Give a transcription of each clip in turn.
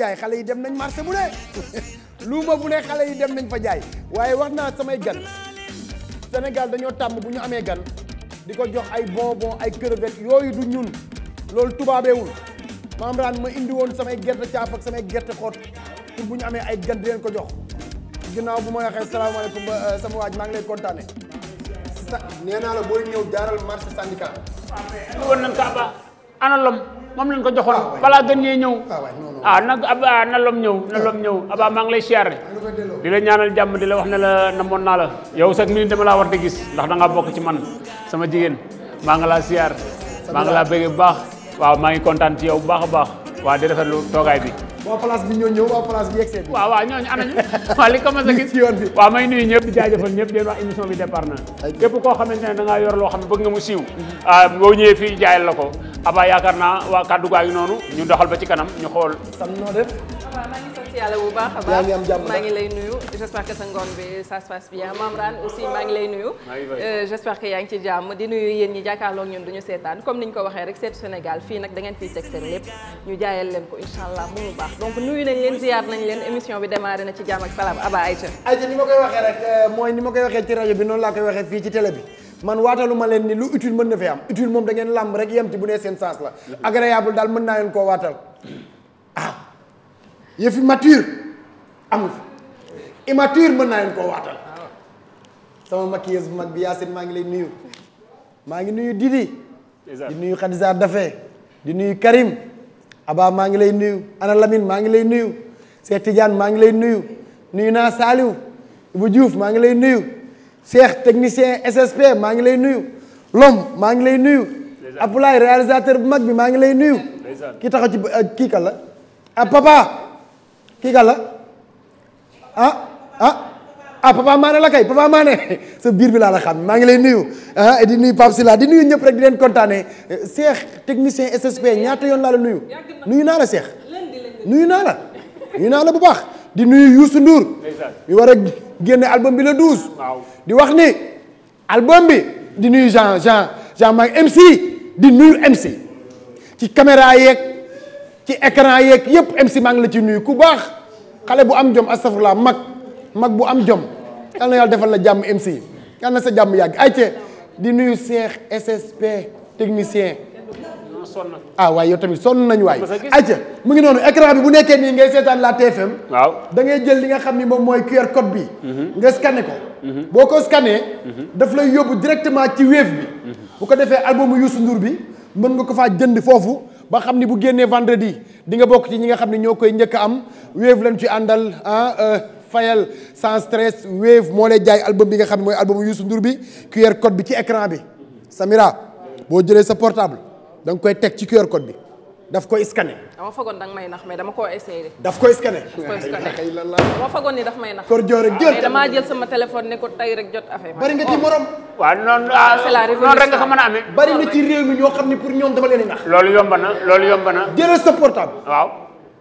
jaay xale yi dem nañ marché bu ne luuma bu ne xale yi dem nañ fa jaay waaye wax naa samay gan Sénégal dañoo tàmm bu ñu amee gan di ko jox ay bonbon ay crevette yooyu du ñun loolu tubaabeewul maam raan ma indi woon samay gerte caaf ak samay gerte xoot pour bu ñu amee ay gan di leen ko jox ginnaaw bu ma waxee salaamaaleykum euh, sama waaj maa ngi lay kontaane. nee naa la booy ñëw jaaral marché syndicat. waaw mais woon nañ Kaba. ana lom moom lañ ko joxoon balaa ah, gën ñee ñëw a ah, ah, nag aba na lom ñëw na lom ñëw aba maa ngi lay siyaare di la ñaanal jàmm di la wax ne la na namoon naa la yow sax minute dama laa war di gis ndax da ngaa bokk ci man sama jigéen maa ngi laa siyaar maa ngi laa bëgg bu baax waaw maa ngi kontaan ci yow bu baax a baax waaw di rafetlu toogaay bi waa place bi ñoo ñëw waa place bi yegsee bi waaw waaw ñooñu anañu waaw li commencé gis yoon bi waaw may nuyu ñëpp di jaajëfal ñëpp di wax émission bi départ na képp koo xamante ne da ngaa yor loo xam ne bëgg nga mu siiw ah, boo ñëwee fii jaayal la ko aba yaakaar naa waa kàddu gaa ngi noonu ñu doxal ba ci kanam ñu xool sam noo def waaw maa ngi sant yàlla bu baax a ngi lay nuyu j'espère que sa ngoon bi ça se passe bien Mame aussi maa ngi lay nuyu euh, j'espère que yaa ngi ci jàmm di nuyu yéen ñi jàkkaarloog ñun duñu seetaan comme ñu ko waxee rek seetu Sénégal fii nag da ngeen teg seen leen ko incha allah bu mu donc nuyu nañ leen ziyaar nañ leen émission bi démarré na ci jàmm ak salaam Aba Aïcha Aïcha ni ma koy waxee rek euh, mooy ni ma koy waxee ci rajo bi noonu laa koy waxee fii ci télé bi man waatalu ma leen ni lu utile mën na fi am utile moom da ngeen làmb rek yem ci bu nee seen sens la agréable daal mën naa leen koo waatal ah yëfi mature amul fi mën naa leen koo waatal sama maquilleuse bu mag bi Yacine maa ngi lay nuyu maa ngi nuyu Didi di nuyu Khadija Dafe di nuyu Karim Aba maa ngi lay nuyu Ana Lamine maa ngi lay nuyu Cheikh Tidiane maa ngi lay nuyu nuyu naa Saliou bu Diouf maa ngi lay nuyu Cheikh technicien SSP maa ngi lay nuyu Lom maa ngi lay nuyu Abdoulaye réalisateur bu mag bi maa ngi lay nuyu kii taxaw ci euh, kii kan la ah papa kii kan la ah a ah. ah papa Mané la kay papa Mané sa biir bi laa la xam maa ngi lay nuyu ah di nuyu Pape Sylla di nuyu ñëpp rek di leen kontaanee Cheikh technicien SSP ñaata yoon laa la nuyu nuyu naa la Cheikh nuyu naa la nuyu naa la bu baax di nuyu Youssou Ndour mi war a génne album bi le 12 di wax ni album bi di nuyu Jean Jean Jean maa MC di nuyu MC ci caméra yeeg ci écran yeeg yëpp MC maa ngi la ci nuyu ku baax xale bu am jom astafurlah mag mag bu am jom yal na yàlla defal la jàmm MC yal na sa jàmm yàgg ayce di nuyu Cheikh SSP technicien ah waaye yow tamit sonn nañu waay ayca mu ngi noonu écran bi bu nekkee nii ngay seetaan la TFM waaw da ngay jël li nga xam ni moom mooy QR code bi mhm. nga scanné ko mhm. boo ko scanné mhm. daf lay yóbbu directement ci Wave bi bu ko defee album Youssou Ndour bi mën nga ko faa jënd foofu ba xam ni bu génnee vendredi di nga bokk ci ñi nga xam ne ñoo koy njëkk am Wave lañ ci àndal ah euh, fayal sans stress wave moo lay jaay album bi nga xam ne mooy album Youssou Ndour bi QR code bi ci écran bi Samira boo jëlee sa portable da nga koy teg ci QR code bi daf koy scanner. dama foogoon danga may nax mais dama koo essayé. daf koy scanner. daf koy scanner dama foogoon ni daf may nax. kor joo rek jël mais sama téléphone ne ko tey rek jot affaire. bari nga ci morom. waaw noonu. Ah, c'est la révolution noonu rek nga ko mën a amee. bari na ci réew mi ñoo xam ne pour ñoom dama leen nax. loolu yomb na loolu yomb sa portable. waaw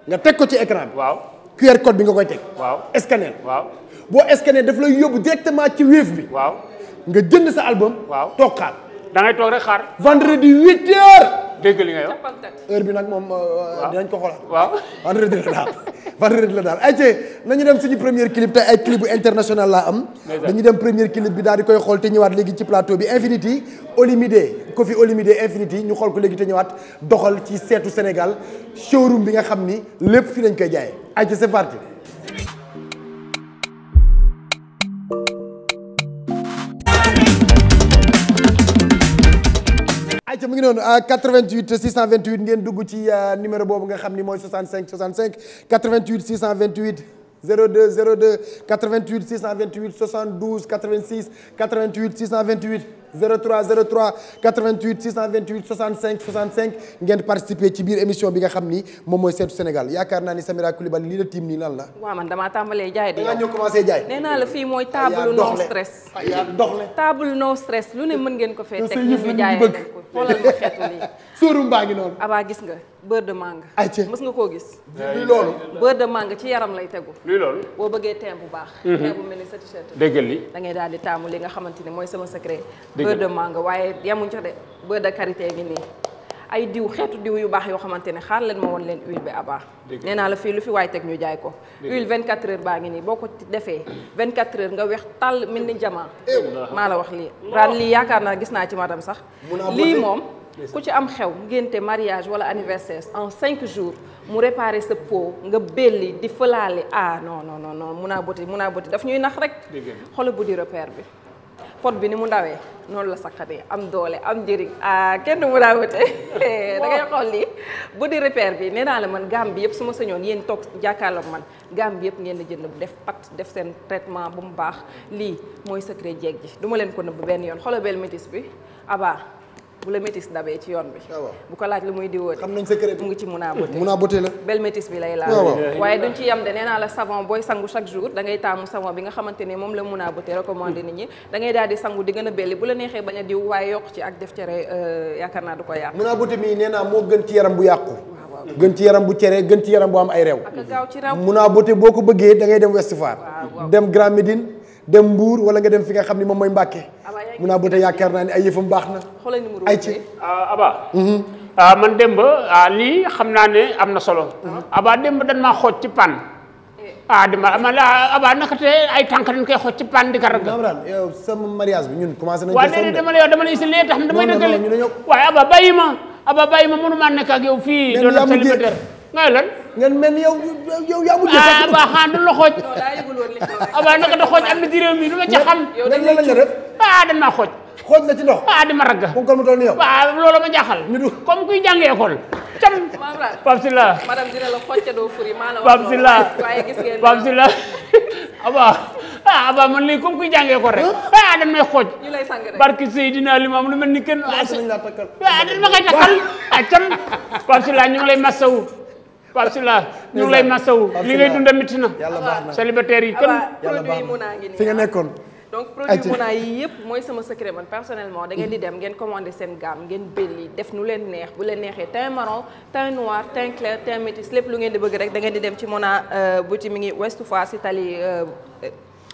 nga teg ko ci écran bi. waaw. QR code bi nga koy teg. waaw scanner. waaw boo scanner daf lay yóbbu directement ci Wave bi. waaw nga jënd sa album. waaw toog da ngay toog rek xaar. vendredi huit heures. li nga yow heure bi nag moom euh, dinañ ko xool waaw vendredi la daal vendredi la daal ayca nañu dem suñu premier clip te ay clip international laa am. dañu dem premier clip bi daal di koy xool te ñëwaat léegi ci plateau bi ko fi Koffi Olimide Infinity ñu xool ko léegi te ñëwaat doxal ci seetu Sénégal showroom bi nga xam ni lépp fii lañ koy jaayee ayca c'est parti. acca mu ngi noonu à 88 628 ngeen dugg ci ah, numéro boobu nga xam ni mooy 65 65 88 628 02 02 88 628 72 86 88 628 03 03 88 628 65 65 ngeen participer ci biir émission bi nga xam ni moom mooy seetu Sénégal yaakaar naa ni Samira Coulibaly lii la tiim nii lan la. waaw man damaa tàmbalee jaay jaay. xoolal ma xeetu lii. sóorum baa ngi noonu. abaa gis nga beurre de mangue. ayca mës nga koo gis. luy loolu. beurre de mangue ci yaram lay tegu. luy loolu. boo bëggee teint bu baax. Mhm. teint bu mel ni sa t-shirt. dëggal li da ngay daal di taamu li nga xamante ni mooy sama secret. beurre de mangue waaye yemuñu ca de beurre de quarité ngi nii. ay diw xeetu diw yu baax yoo xamante ne xaar leen ma woon leen huile bi à baax nee naa la fii lu fi waay teg ñu jaay ko huile 24 heures baa ngi nii boo ko defee 24 heures nga weex tàll mel ni jamaa maa la wax lii raan lii yaakaar naa gis naa ci madame sax lii moom ku ci am xew ngénte mariage wala anniversaire en cinq jours mu réparer sa po nga belli di fëlaale ah noo noo noo non mun a boti mun a boti daf ñuy nax rek xoolal bu di repère bi pot bi ni mu ndawee noonu la saqatee am doole am njëriñ ah kenn mu daa wute da ngay xool lii bu di repère bi nee naa la man gaam bi yëpp su ma sañoon yéen toog jàkkaarloog man gaam bi yëpp ngeen di jënd def pat def seen traitement bu mu baax lii mooy secret jeeg ji duma leen ko nëbb benn yoon xoolal bel métis bi abaa bu la métis dabee ci yoon bi. Ah, bu ko laaj lu muy diwoo de. xam nañ secret bi mu ngi ci mun a bote. mun a bote la. bel métis bi lay laal. Ah, waaye duñ ci yem de nee naa la savon booy sangu chaque jour da ngay taamu savon bi nga xamante ne moom la mun a bote recommandé nit ñi da ngay sangu di gën a belli bu la neexee bañ a diw waaye yokk ci ak def cere euh, yaakaar naa du ko yàqu. mun a mii nee naa moo gën ci yaram bu yàqu. gën ci yaram bu cere gën ci yaram bu am ay rew. mun a bote boo ko bëggee da ngay dem Ouest Foire dem Grand Médine dem Mbour wala nga fi nga xam ni moom mooy Mbàkke mun naa ba tey yaakaar naa ne ay yëfam baax na. xoolal numéro ay ci Aba. Ah, mhm. ah, man Demba ah, lii xam naa ne am na solo. Mhm. Aba demb dan maa xooj ci pan. Eh. ah dama ma la Aba naka te ay tànk dañ ci pan di ko ragal. maanaam yow sama mariage bi ñun commencé nañ. dama la yow dama la isil lee tax damay Aba bàyyi ma Aba bàyyi ma mënu maa nekk ak yow fii. doon ngay lan. ngeen mel ni yow yow yaa mujj. ah ba xanaa du la xooj. a ba naka am na ci mi lu ma ca xam. yow dañu la def ah dañ maa xooj. xooj la ci lo ah di ma ragga. mu ngi mu toll nii yow. waaw loolu ma jaaxal. ñu kuy jàngee école. cam Pape la xocce doo furi maa la wax. Pape Sylla waaye gis ngeen. Pape Sylla abaa ah abaa man lii kuy jàngee école rek. ah dañ may xooj. ñu lay sang rek barke Seydina Limaam lu mel ni kenn. ah dañ ma koy takkal. Ah, ah cam Pape Sylla ñu ngi lay masawu. Pape Sylla ñu ngi lay masawu li ngay dunda métti na célibataire yi kon produit yi mun naa ngi nii fi nga ah. nekkoon donc produit mun naa yi yëpp mooy sama secret man personnellement da ngeen di dem ngeen commandé seen gaam ngeen bëli def nu leen neex bu leen neexee teint marron teint noir teint clair teint métis lépp lu ngeen di bëgg rek da di dem ci Mona bu ci mi ngi Ouest Foire si tali euh,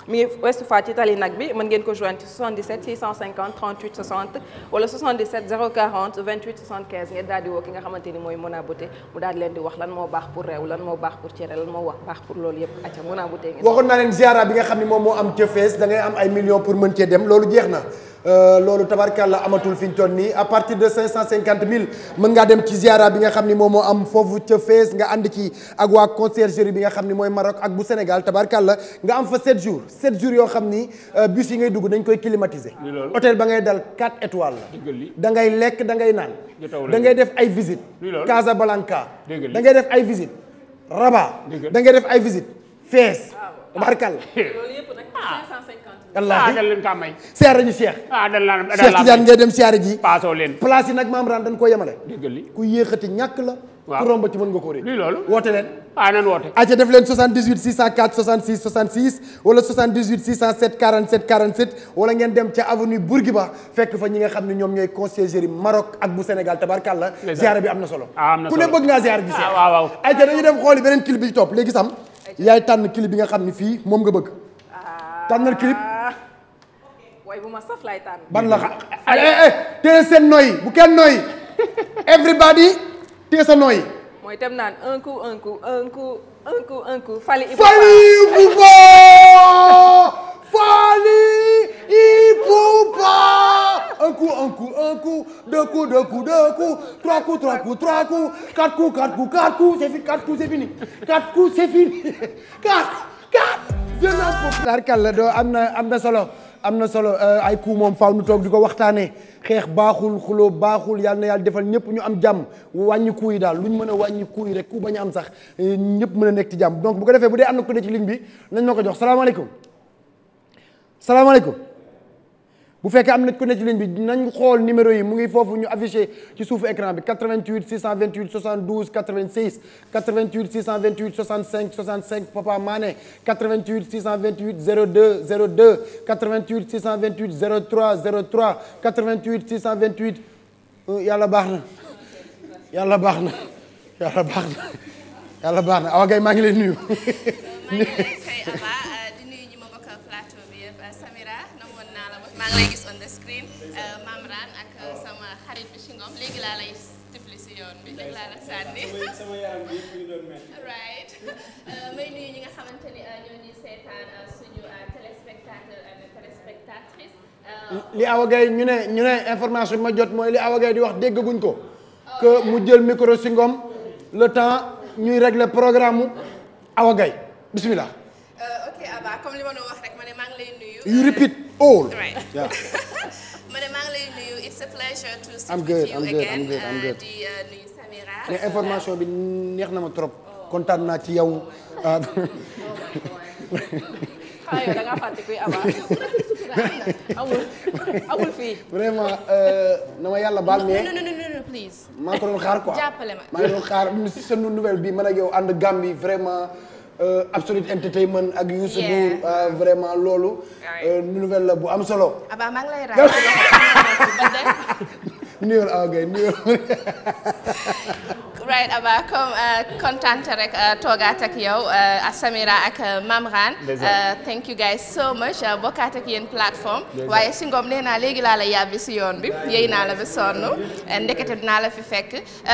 mi ngi Ouest Foire ci tali nag bi mën ngeen ko joindre ci 77 650 38 60 wala 77 040 28 75 ngeen daal di woo ki nga xamante ni mooy Mona mu daal leen di wax lan moo baax pour réew lan moo baax pour cere lan moo baax pour loolu yëpp acca Mona Bouté nga xam ne moom moo am ca fees am ay millions pour mën cee dem loolu jeex na Euh, loolu la amatul fi ñu toll nii à partir de 550 000 mën ngaa dem ci ziara bi nga xam ni moom moo am foofu ca Fès nga ànd ci ak waa conciergerie bi nga xam ni mooy Maroc ak bu Sénégal tabarkàlla nga am fa 7 jours 7 jours yoo xam ni euh, bus yi ngay dugg dañ koy climatiser. hôtel ba ngay dal 4 étoiles la. da ngay lekk da ngay naan. da ngay def ay visite Casablanca da ngay def ay visite Rabat da ngay def ay visite Fès tabarkàlla. wallaahi ah, dañ leen kaa may siyaare ñu Cheikh ah dañ laa dañ Cheikh Tidiane dem siyaare ji paasoo leen place yi nag maam ran dañ koo yemale ku yéexati ñàkk la ku rombati mën nga koo ré lii loolu woote leen ah nan woote aca def leen 78 604 66 66 wala 78 607 47 47 wala ngeen dem ca avenue Bourguiba fekk fa ñi nga xam ne ñoom ñooy conciergerie Maroc ak bu Sénégal tabarkàlla siyaare bi am na solo ah, ku ne bëgg ah, nga xam tànnal clip. Ah. waaye bu ma saf laay tànn. ban la ay ay téye seen noy bu kenn noy everybody téye sa noy. mooy tam naan un coup un coup un coup un coup un coup Fally Ipupa Fally Ipupa Fally Ipupa un coup un coup un coup deux coups deux coups deux coups trois coups trois coups trois coups quatre coups quatre coups quatre coups c'est fini quatre coups c'est fini quatre coups c'est fini quatre quatre. violence populaire. tarkalla doo am na am na solo am na solo euh, ay coup moom faaw nu toog di ko waxtaanee xeex baaxul xuloo baaxul yàlla na yal defal ñëpp ñu am jàmm wàññi coup yi daal lu ñu mën a wàññi coup yi rek ku bañ a am sax euh, ñëpp mën a nekk ci jàmm donc bu ko defee bu dee am na ko ne ci ligne bi nañ ma ko jox salaamaaleykum salaamaaleykum. bu fekk am na ku ne ci ligne bi nañ xool numéro yi mu ngi foofu ñu affiché ci suufu écran bi 88 628 72 86 88 628 65 65 Papa Mané 88 628 02 02 88 628 03 03 88 628 yàlla baax na yàlla baax na yàlla baax na yàlla baax na awa gay maa ngi lay nuyu maa ngi lay gis euh, ak sama xarit bi si ngoom léegi laa lay tifli si yoon bi léegi laa la sànni ñu li Awa ñu ne ñu ne information bi ma jot mooy li Awa Gaye di wax déggaguñ ko mu jël micro si le temps ñuy régler programme mu bismillah euh, ok Aba comme li ma doon wax rek ma ne maa ngi lay nuyu you repeat old. Right. Yeah. Madam Angley, it's a pleasure to see you good, I'm again. I'm good, I'm uh, good. di uh, nuyu Samira. mais information bi neex na ma trop. Oh. kontaan naa ci yow. Ah. xaaral da ngaa fàtte kuy amul amul fii. vraiment euh, na ma yàlla baal mais. non non non please. maa ko doon xaar quoi jàppale ma. maa ngi doon xaar seen nouvelle bi man ak yow ànd Gambie vraiment. Euh, Absolute Entertainment ak Youssou Ndour euh, vraiment loolu euh, nouvelle la bu am solo aba maa ngi lay raay nuyoo Awa Gaye right Aba uh, rek uh, toogaat ak yow uh, Samira ak Mame Rane. thank you guys so much bokkaat waaye si ngoom nee naa léegi laa la yàbbi si yoon bi yéy naa la ba sonn ndekete naa la fi fekk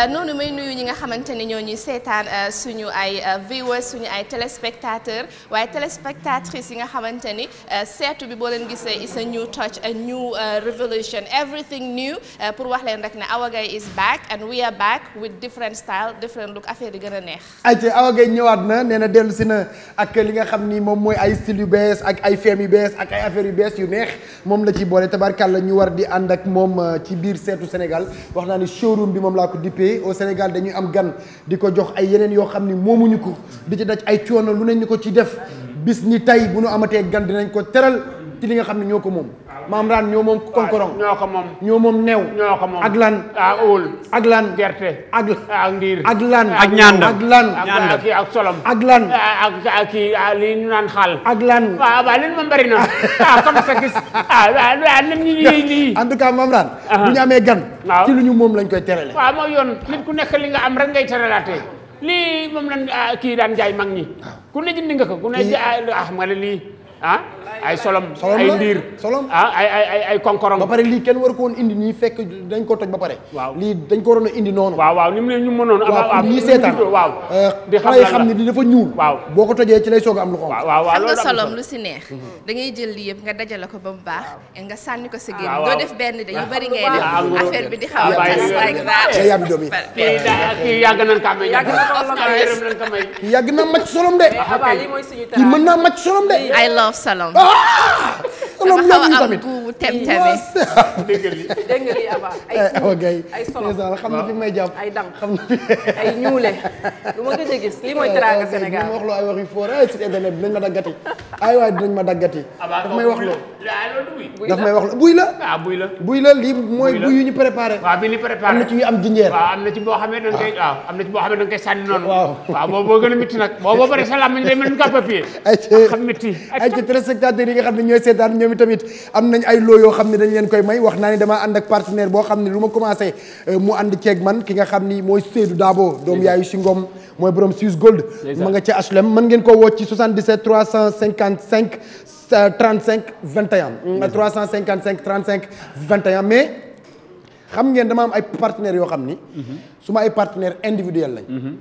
noonu may nuyu ñi nga xamante ni ñoo ñuy seetaan suñu ay viewers suñu ay téléspectateurs waaye téléspectatrices yi nga xamante ni seetu bi boo leen gisee is a new touch a new revolution everything new pour wax leen rek ne Awa Gaye is back and we are back with different style different look affaire yi gën a neex. ayca Awa Gueye ñëwaat na nee na dellu si na ak li nga xam ni moom mooy ay style yu bees ak ay fem yu bees ak ay affaires yu bees yu neex moom la ci boole tabarkàlla ñu war di ànd ak moom euh, ci biir seetu Sénégal wax naa ni showroom bi moom laa ko dippee au Sénégal dañuy am gan di ko jox ay yeneen yoo xam ni moomuñu ko di ci daj ay coono lu ne ñu ko ci def bis ni tey bu nu amatee gan dinañ ko teral ci li nga xam ne ñoo ko moom. maam raan ñoo moom konkorong ñoo ko moom ñoo moom new ñoo ko moom ak lan a óol ak lan gerte ak ak ndiir ak lan ak ñaanda ak lan ak ak solom ak lan ak kii li ñu naan xaal ak lan waaw waaw leen moom bëri na ah comme ça gis ah waaw nen ñi ñi ñi en tout cas maam raan bu ñu amee gan ci lu ñu moom lañ koy terale waaw mooy yoon nit ku nekk li nga am rek ngay teralaatee lii moom lan ah, kii daan jaay mag ñi ku ne jëndi nga ko ku ne jaay ah ma ne lii ah ay solom ay ndiir solom ah ay ay ay ay konkorong ba pare lii kenn war ko woon indi nii fekk dañ ko toj ba pare waaw lii dañ ko waroon a indi noonu waaw waaw ni mu leen seetaan waaw euh, di xam lay xam dafa ñuul boo ko tojee ci lay soog a am lu xonq xam nga solom lu si neex mhm. da ngay jël lii yëpp nga dajale ko ba mu baax nga sànni ko sa génn doo def benn de yu ah, bari ngay def affaire bi di xaw a ah, tas like that yàbbi doom yi kii naa màcc ah, solom de kii mën naa màcc solom de I love solom Ah! loolu yëpp tamit tem temi dégg nga lii dégg nga lii Aba ay eh, Awa Gaye ay solo xam na fi may jàpp ay dam xam na fi ay ñuule lu ma gëj a gis lii mooy eh, teraanga eh, Sénégal wax loo ay wax yu foor ay site internet dinañ ma daggati ay waay dinañ ma daggati daf may wax loo daf may wax loo buy la ah buy la buy la lii mooy buy yu ñu préparé waaw bi ñu préparé am na ci yu am jinjeer waaw am na ci boo xam ne dañ koy ah. waaw am na ci boo xam ne dañ koy sànni noonu waaw waaw boobu boo gën a métti nag boo boo bëri sa làmmiñ day mel ni papier ay ci ah, xam métti ay ci téléspectateurs yi nga xam ne ñooy seetaan ñoom itamit am nañ ay loo yoo xam ne dañ leen koy may wax naa ni damaa ànd ak partenaire boo xam ne lu ma commencé euh, mu ànd ceeg man ki nga xam ni mooy Seydou Dabo doom yaayu si ngoom mooy borom Suisse Gold ma nga ca HLM mën ngeen ko woo ci 77 355 35 21 355 35 21 mais xam ngeen dama am ay partenaires yoo xam ni mhm. su ma ay partenaires individuels lañ mhm.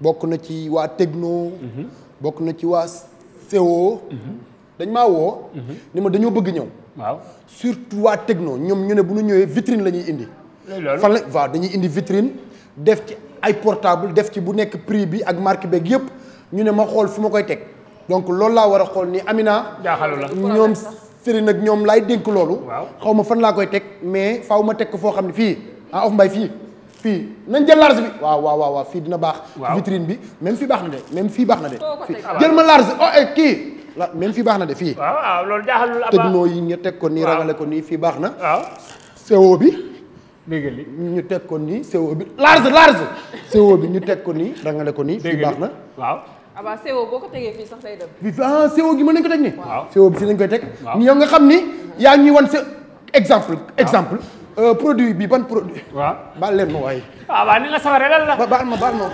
bokk na ci waa Techno mhm. bokk na ci waa CO dañ maa woo. Mhm. ni ma dañoo bëgg ñëw. waaw surtout waa techno ñoom ñu ne bu ñu ñëwee vitrine la ñuy indi. fan la dañuy indi vitrine def ci ay portable def ci bu nekk prix bi ak marque beeg yëpp ñu ne ma xool fu ma koy teg donc loolu laa war a xool ni Amina. jaaxalu la ñoom Serigne nag ñoom lay dénk loolu. xaw ma fan laa koy teg mais faw ma teg ko foo xam ne fii ah of mbay fii. fii nañ jël large bi waaw waaw waaw fii dina baax. vitrine bi même fii baax na de même fii baax na de. jël ma oh, eh, la même fii baax na de fii. waaw waaw loolu jaaxalul Abba yi ñu teg ko nii rangale ko nii fi baax na. waaw CO bi. dégg li ñu teg ko nii CO bi large large. CO bi ñu teg ko nii rangale ko nii. fii baax na waaw. Abba CO boo ko tegee fii sax day dem. Ah, CO gi mën nekk ko teg nii. CO bi fii lañu koy teg. waaw yow nga xam ni. yaa ngi ñuy wan sa exemple. exemple euh, produit bi ban produit. waaw baal leen ma waaye. Ah, waaw waaw ni ma baal ma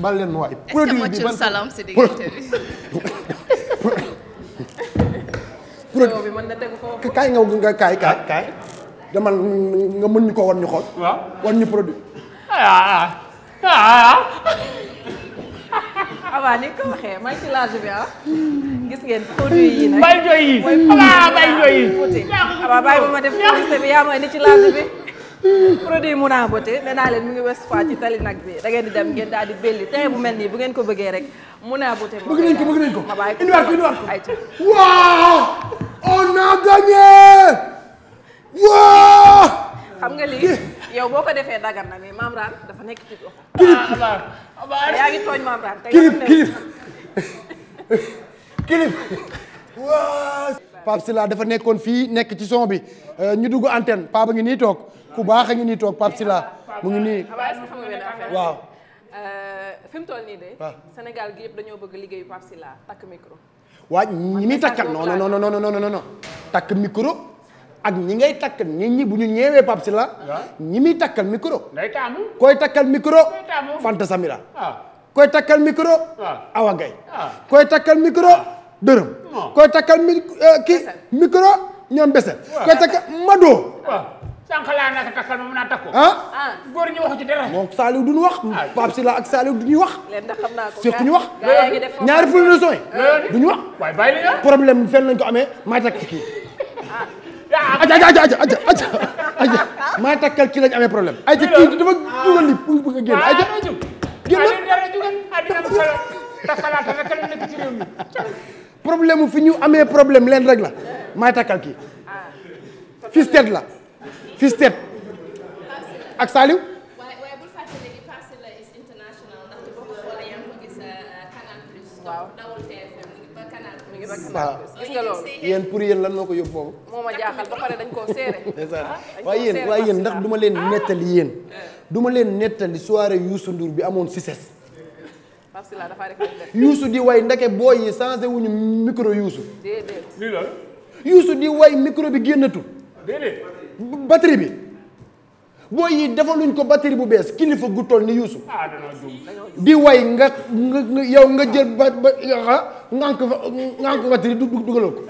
baal leen ma waaye. produit bi ban est produit bi mën na tegu foofu kaay nga nga kaay kaay. kaay demal nga mën ni ko wan ñu xool. waaw wan ñu produit. ah ah ah. ah. ni nga ko waxee maa ngi ci large bi ah. gis ngeen produit yi nag. bay jooy yi bay jooy yi. waaw bay ba ma def. bi yaa mooy ni ci large bi. produit Mouna Beauté nee naa leen mu ngi Ouest Foire ci tali nag bi da di dem ngeen daal di belli tey bu mel nii bu ngeen ko bëggee rek Mouna Beauté. bëgg nañ ko bëgg nañ ko indiwaat ko indiwaat ko. a gagné waaw. nga lii boo ko defee dagan na mais dafa nekk ci gox. Ah, waaw waaw nekkoon fii nekk ci son bi euh, ñu dugg antenne Pape ngi nii toog. ku baax a ngi nii toog Pape mu ngi nii waaw. Euh, fi mu nii de. waaw Sénégal gi yëpp dañoo bëgg liggéeyu Pape takk micro. waa ñi muy takkal no non non non non takk micro ak ñi ngay takkal nit ñi bu ñu ñeewee Pape ñi muy takkal micro. day koy takkal micro. Fanta Samira. koy takkal micro. Awa koy takkal micro. dërëm. koy takkal mi euh, micro ñoom Besset. koy takkal Mado. sànq laa naka takkal ma mën a takko. ah góor ñi waxu ci dara. moom Saliou duñu wax. Ah, Pape Sylla ak Saliou duñu wax. leen da xam naa ko ñu wax. ñaari ful leçon yi duñu wax. Ah. waay bàyyi la problème fenn lañ ko amee may takk kii. Ah. ah aja aja aja aja aja aja may takkal kii lañ amee problème. ayca kii dafa dugal li bëgg a génn ayca. génn génn problème fi ñu amee problème leen rek la may takkal kii. fii la. fistet ak Saliou. Euh, waaw gis nga loolu yéen pour yéen lan moo ko yóbbu foofu. moo ma jaaxal ba pare dañ koo seere. Ah, waaye yéen waaye yéen ndax duma leen ah. nettali yéen. du ma leen nettali soirée yuusu Ndour bi amoon Cissesse. Youssou di way ndeke booy yi changé wuñu micro Youssou. déedéet lii loolu. Youssou di way micro bi génnatul. déedéet. batterie bi booy yi defaluñ ko batterie bu bees kilifa gu toll ni Youssou di way nga nga yow nga jël ba ba ngànk fa ngànk batterie du dugaloo ko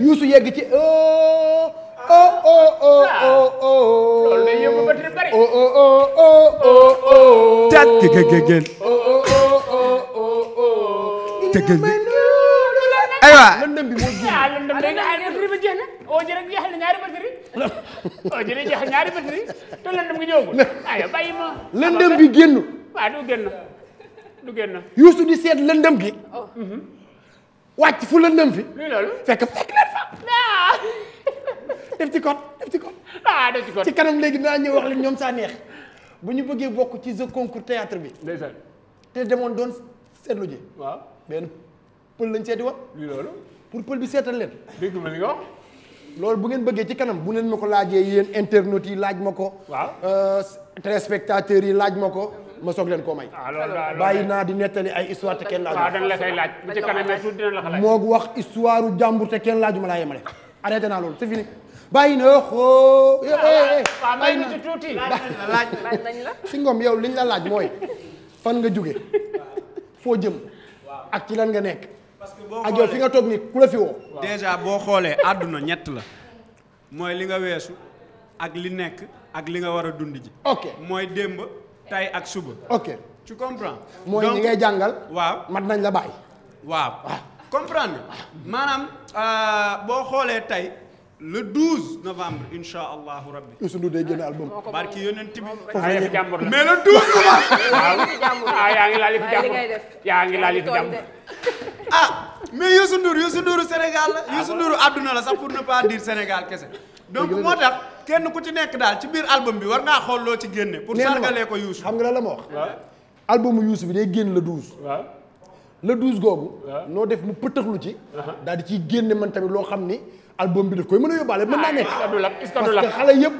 Youssou yegg ci oh oh oh oh oo jële jeexal na ñaari batterie oo jële jeexal ñaari batterie te lëndëm gi ñëwagul ayo bàyyi lëndëm bi génn waaw du génn du génn yuusu di seet lëndëm gi wàcc fu lëndëm fi luy loolu fekk def ci code ci code ah ci kanam léegi dinaa ñëw wax leen ñoom saa neex bu ñu bëggee bokk ci jeu concours théâtre bi ndeysaan te demoon doon seetlu ji waaw benn pël lañ seeti woon luy pour pël bi seetal leen dégg loolu bu ngeen bëggee ci kanam bu leen ma ko laajee yéen internet yi laaj ma ko. waaw euh, téléspectateurs yi laaj ma ko. ma soog leen koo may. Ah, bàyyi naa di nettali ay histoire te kenn laaju. waaw laaj bu ci kanam ko wax histoire jàmbur kenn laaju ma laa yemale. arrêté naa loolu c'est fini. bàyyi na xoo. Oh, oh, oh, ah, eh, eh, waaw eh, ci ngoom yow liñ la laaj mooy fan nga jóge foo jëm. ak ci lan nga nekk. ajo fi nga toog ni ku la fi woo. déjà boo xoolee àdduna ñett la mooy li nga weesu ak li nekk ak li nga war a dund ji. ok mooy démb tay ak suba. ok tu comprends. mooy ñi ngay jàngal. waaw mat nañ la bàyyi. waaw ah. comprendre ah. maanaam euh, boo xoolee tey. le 12 novembre incha allahu rabbi. Youssou Ndour day génne album. barki yonent bi. mais le 12 novembre. Ah, ah yaa ngi laal yaa ngi laal yëfi jàmbur ah mais Youssou Ndour Youssou Ndour Sénégal la ah, Youssou àdduna la sax pour ne pas Sénégal kese. donc moo tax kenn ku ci nekk daal ci biir album bi war ngaa xool loo ci génne. pour sargalee ko Youssou. xam nga lan la ma wax. albumu Youssou bi day génn le 12. waaw noo def mu pëtëxlu ci. Uh-huh. daal di loo xam ni. album bi daf koy mën a yóbbaale mën naa nekk ah, parce que xale yëpp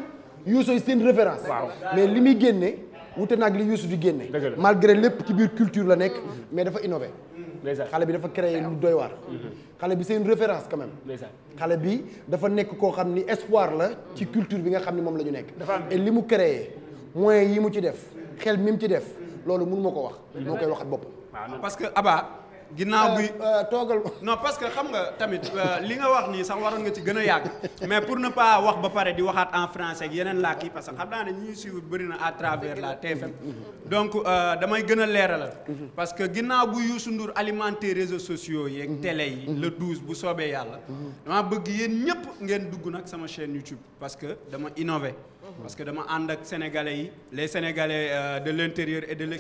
Youssou seen référence mais li muy génne wute naag li Youssou di génne malgré lépp ci biir culture la nekk mais dafa innové xale bi dafa créé lu doy waar xale bi seen une référence quand même xale bi dafa nekk koo xam ni espoir la ci culture bi nga xam ni moom la ñu nekk et li mu créé moyens yi mu ci def xel mi mu ci def loolu mënu ma ko wax moo koy waxat bopp parce que Abba ginnaaw bi euh, euh, toogal ko non parce que xam nga tamit euh, li nga wax nii sax waroon nga ci gën a yàgg mais pour na pas wax ba pare di waxaat en français ak yeneen làkk yi parce que xam naa ne ñuy suivre bëri na à travers la TFM mm-hmm. mm-hmm. donc damay gën a leeralal mm-hmm. parce que ginnaaw bu Youssou Ndour alimenté réseaux sociaux yeeg télé yi le 12 bu soobee yàlla dama bëgg yéen ñëpp ngeen dugg nag sama chaîne YouTube parce que dama innové parce que dama ànd ak sénégalais yi les sénégalais euh, de l' intérieur et de l'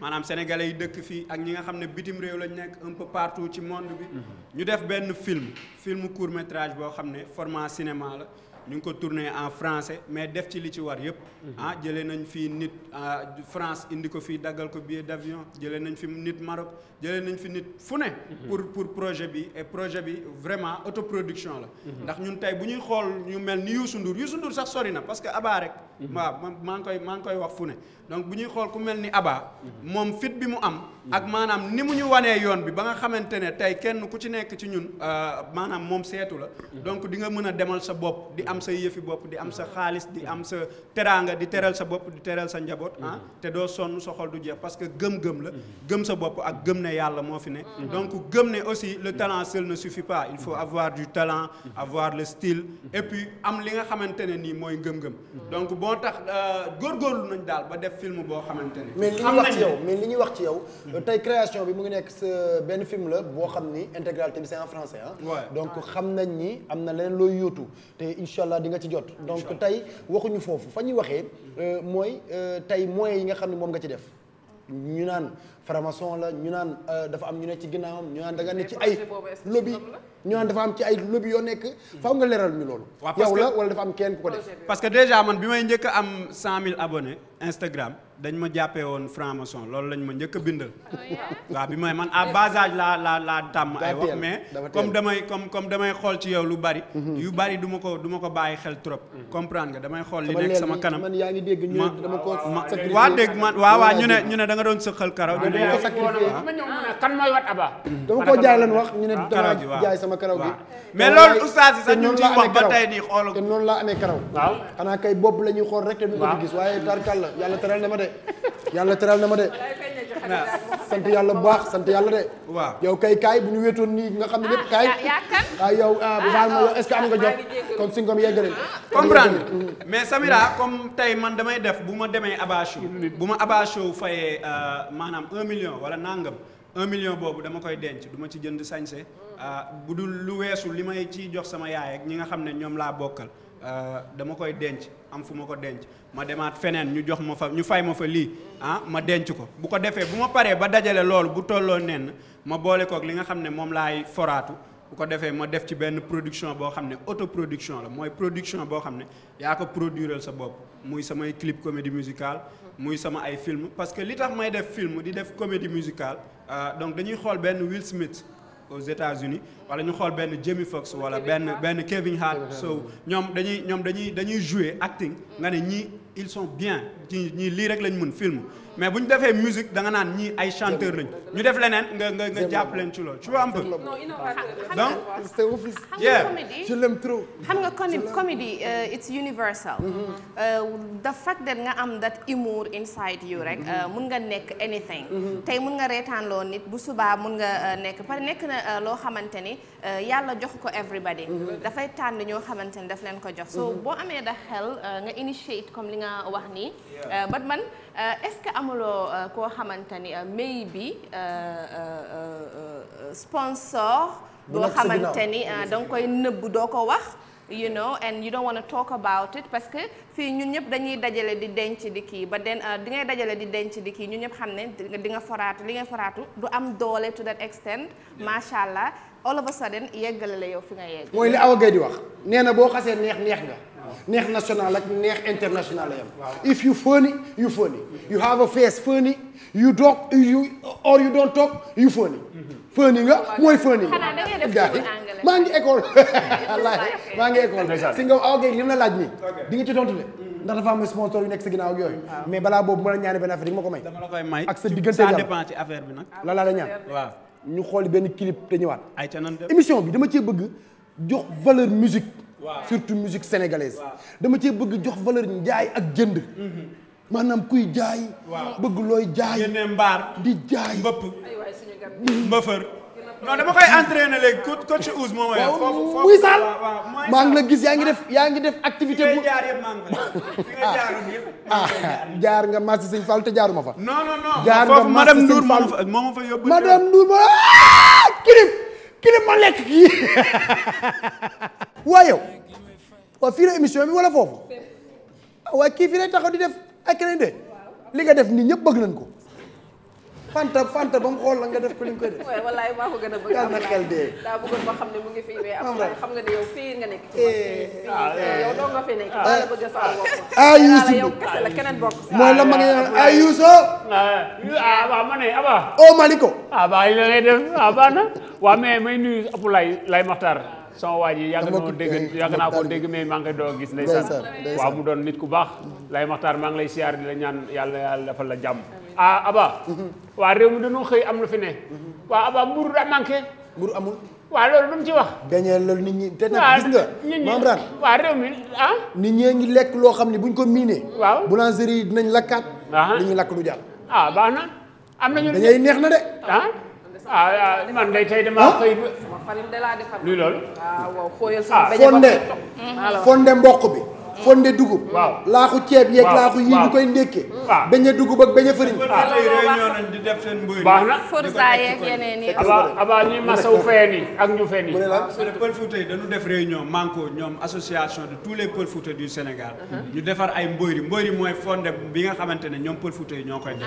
maanaam sénégalais yi dëkk fii ak ñi nga xam ne bitim réew lañ nekk un peu partout ci monde bi. Mhm. ñu def benn film film court métrage boo xam ne format cinéma la. ñu ngi ko tourné en francais mais def ci li ci war yëpp. Mhm. ah jëlee nañ fi nit ah, France indi ko fii daggal ko billet d'avion jëlee nañ fi nit Maroc jëlee nañ fi nit fu ne. Mhm. pour pour projet bi et projet bi vraiment autoproduction la. Mhm. ndax ñun tey bu ñuy xool ñu mel ni Youssou Ndour Youssou Ndour sax sori na parce que Abba rek. waaw man maa ngi koy maa ngi koy wax fu ne donc bu ñuy xool ku mel ni Abba. moom fit bi mu am. ak maanaam ni mu ñu wanee yoon bi ba nga xamante ne tey kenn ku ci nekk ci ñun euh, maanaam moom seetu la donc di nga mën a demal sa bopp di am sa yëfi bopp di am sa xaalis di am sa teraanga di teral sa bopp di teral sa njaboot ah te doo sonn sa xol du jeex parce que gëm-gëm la gëm sa bopp ak gëm ne yàlla moo fi ne donc gëm ne aussi le talent seul ne suffit pas il faut avoir du talent avoir le style et puis am li nga xamante ne nii mooy ngëm-ngëm donc boo tax euh, góorgóorlu nañ daal ba def film boo xamante ne mais li ñuy wax ci mais li ñuy wax ci yow Euh, tey création bi mu ngi nekk sa benn film la boo xam ni intégral bi c'est en français ah. donc xam nañ ni am na leneen looy yootu te incha allah di nga ci jot. donc tey waxuñu foofu fa ñuy waxee euh, mooy euh, tey moyens yi nga xam ne moom nga ci def. ñu naan franc-maçon la ñu naan dafa am ñu ne ci ginnaawam ñu naan da nga ne ci ay lobby ñu naan dafa am ci ay lobby yoo nekk faaw nga leeral ñu loolu yow la wala dafa am kenn ku ko def parce que déjà man bi may njëkk am 100000 abonnés Instagram dañ ma jàppee woon franc-maçon loolu lañ ma njëkk a bindal. Oh, waaw bi may man à bas ci yow lu bari. Mhm. yu bari du ko du ma ko bàyyi xel trop. Mhm. comprendre nga damay xool li nekk sama kanam. man yaa ngi dégg ñu dama ko waa dégg man waaw waaw ñu ne da nga doon sëqal karaw. ñu ne yaa kan mooy wat Aba. dama ko jaay lan wax ñu ne ah, dama jaay sama karaw gi. mais loolu oustaz laa amee karaw. xanaa kay bopp la ñuy xool rek te ñu ko gis waaye tarkal la yàlla teral na ma de yàlla teral na ma de sant yàlla bu baax sant yàlla de waaw yow kay kaay bu ñu wéetoon nii nga xam ne lépp kaay ah, ah yow ah, baal ma yow est am nga jot kon ah, si ngom yeggale comprendre mm-hmm. mais Samira comme tey man damay def bu ma demee abasho bu ma abasho fayee euh, maanaam un million wala nangam un million boobu dama koy denc du ci jënd sañse bu dul lu weesu li may ciy jox sama yaay ak ñi nga xam ne ñoom laa bokkal euh, dama koy denc am fu ma ko denc ma demaat feneen ñu jox ma fa ñu fay ma fa lii ah ma denc ko bu ko defee bu ma paree ba dajale loolu bu tolloo nenn ma boole kook li nga xam ne moom laay foraatu bu ko defee ma def ci benn production boo xam ne autoproduction la mooy production boo xam ne yaa ko produiral sa bopp muy samay clip comédie musicale muy sama ay film parce que li tax may def film di def comédie musicale euh, donc dañuy xool benn Will Smith aux États-Unis wala ñu xool benn Jamie Foxx wala benn benn Kevin Hart so ñoom dañuy ñoom dañuy dañuy jouer acting nga ne ñii ils sont bien ci ñii lii rek lañ mën film mais bu ñu defee musique da nga naan ñii ay chanteur lañu ñu def leneen nga nga nga jàpp leen ci loolu tu vois un peu. non ah, ah, donc c'est office. xam nga je l'aime trop. xam nga comédie euh, it's universal. Mm-hmm. Euh, the fact that nga am that humour inside you rek mm-hmm. euh, mun nga nekk anything. Mm-hmm. tey mun nga reetaan loo nit bu subaa mun nga nekk parce nekk na loo xamante ni yàlla jox ko everybody. dafay tànn ñoo xamante ni daf leen ko jox. so boo amee da xel nga initiate comme li nga wax nii. but man. Euh, est-ce que amuloo euh, koo xamante ni euh, may bi sponsor. boo xamante ni da nga koy nëbb doo ko wax. you know and you don't want to talk about it parce que fii ñun ñëpp dañuy dajale di denc di kii ba den di ngay dajale di denc di kii ñun ñëpp xam ne di nga foraatu li ngay foraatu du am doole to that extent macha allah. all of a sudden yeggale la yow fi nga yegg. mooy li Awa Gueye di wax nee na boo xasee neex neex nga. neex national ak neex international la yam. if you funny you funny. you have a face funny you talk you or you don't talk you funny. Mm-hmm. funny nga mooy funny. xanaa da ngay def anglais maa ngi école. wallaahi maa ngi école. si nga Awa Gueye li mu la laaj nii. di nga ci tontu de. Mm. ndax dafa am sponsor yu nekk sa ginnaaw ak yooyu. mais balaa boobu mën a ñaane benn affaire ma ko may. ak sa diggante ça dépend ci bi nag. la la la ñaan waaw. ñu xool benn clip te ñëwaat. ay ca émission bi dama cee bëgg jox valeur musique. waaw surtout musique sénégalaise. dama cee bëgg jox valeur njaay ak jënd. Mhm. maanaam kuy jaay. bëgg looy jaay. mbaar di jaay mbëfër. non dama koy entraîner léegi coach Ousse moom mooy. maa ngi la gis yaa ngi def yaa ngi def activité bu. Ah. ah jaar nga Massi Sëñ fa. jaar nga Massi Sëñ Fall foofu madame Ndour moo fa yóbbu. madame Ndour ah, lekk kii. waa yow émission bi wala foofu. Ah, waa kii fii lay di def ak keneen de li nga def nii ñëpp bëgg nañ ko. fanta fanta ba mu xool la nga def ko li nga koy def. waaw wallaay maa ko gën a na xel dee daa bëggoon ma xam ne mu ngi fi mais après xam nga ne yow fii nga nekk. Eh. Ah, eh. yow doo nga fi nekk. Ah. la bëgg sa bopp. ah Youssou yow kese la keneen bokk. Ah, mooy la ma ngi eh. naan ah ma ne Aba. oh Maliko. ah ba li ngay def ah baax na. waaw mais may nuyu Abdoulaye Lay Makhtar. sama waa ji yàgg noo dégg yàgg naa ko dégg mais maa koy doo gis ndeysaan waaw mu doon nit ku baax lay maxtaar maa ngi lay siyaar di la ñaan yàlla yàlla dafa la jàmm ah aba mhm. waa réew mi dañoo xëy am lu fi ne mhm. waa aba mburu daa manqué mburu amul waaw loolu lu wax. dañee loolu nit ñi te nag gis nga. maam Rane waaw réew mi ah. nit ñee ngi lekk loo xam ne buñ ko miinee. waaw boulangerie yi dinañ lakkaat. li ñuy lakk du jàll. ah baax na am nañu. dañuy neex na de ah? ah ah man day tey dama xëy. sama farine de laa defar. luy loolu. Ah, waaw xooyal sama ah, bañ fonde fonde mboq bi. fonde dugub. waaw laaxu ceeb yeeg laaxu yi ñu koy ndékkee. waaw bañ dugub ak bañ a farine. Ah. di def seen mbéy. baax na forsa yeeg yeneen yi. aba aba ñuy masawu fee nii ak ñu fee def réunion manko ñoom association de tous les Pël Fuuta du uh-huh. ñu defar ay mbóori mbóori mooy fonde bi nga xamante ne ñoom Pël Fuuta yi ñoo koy def.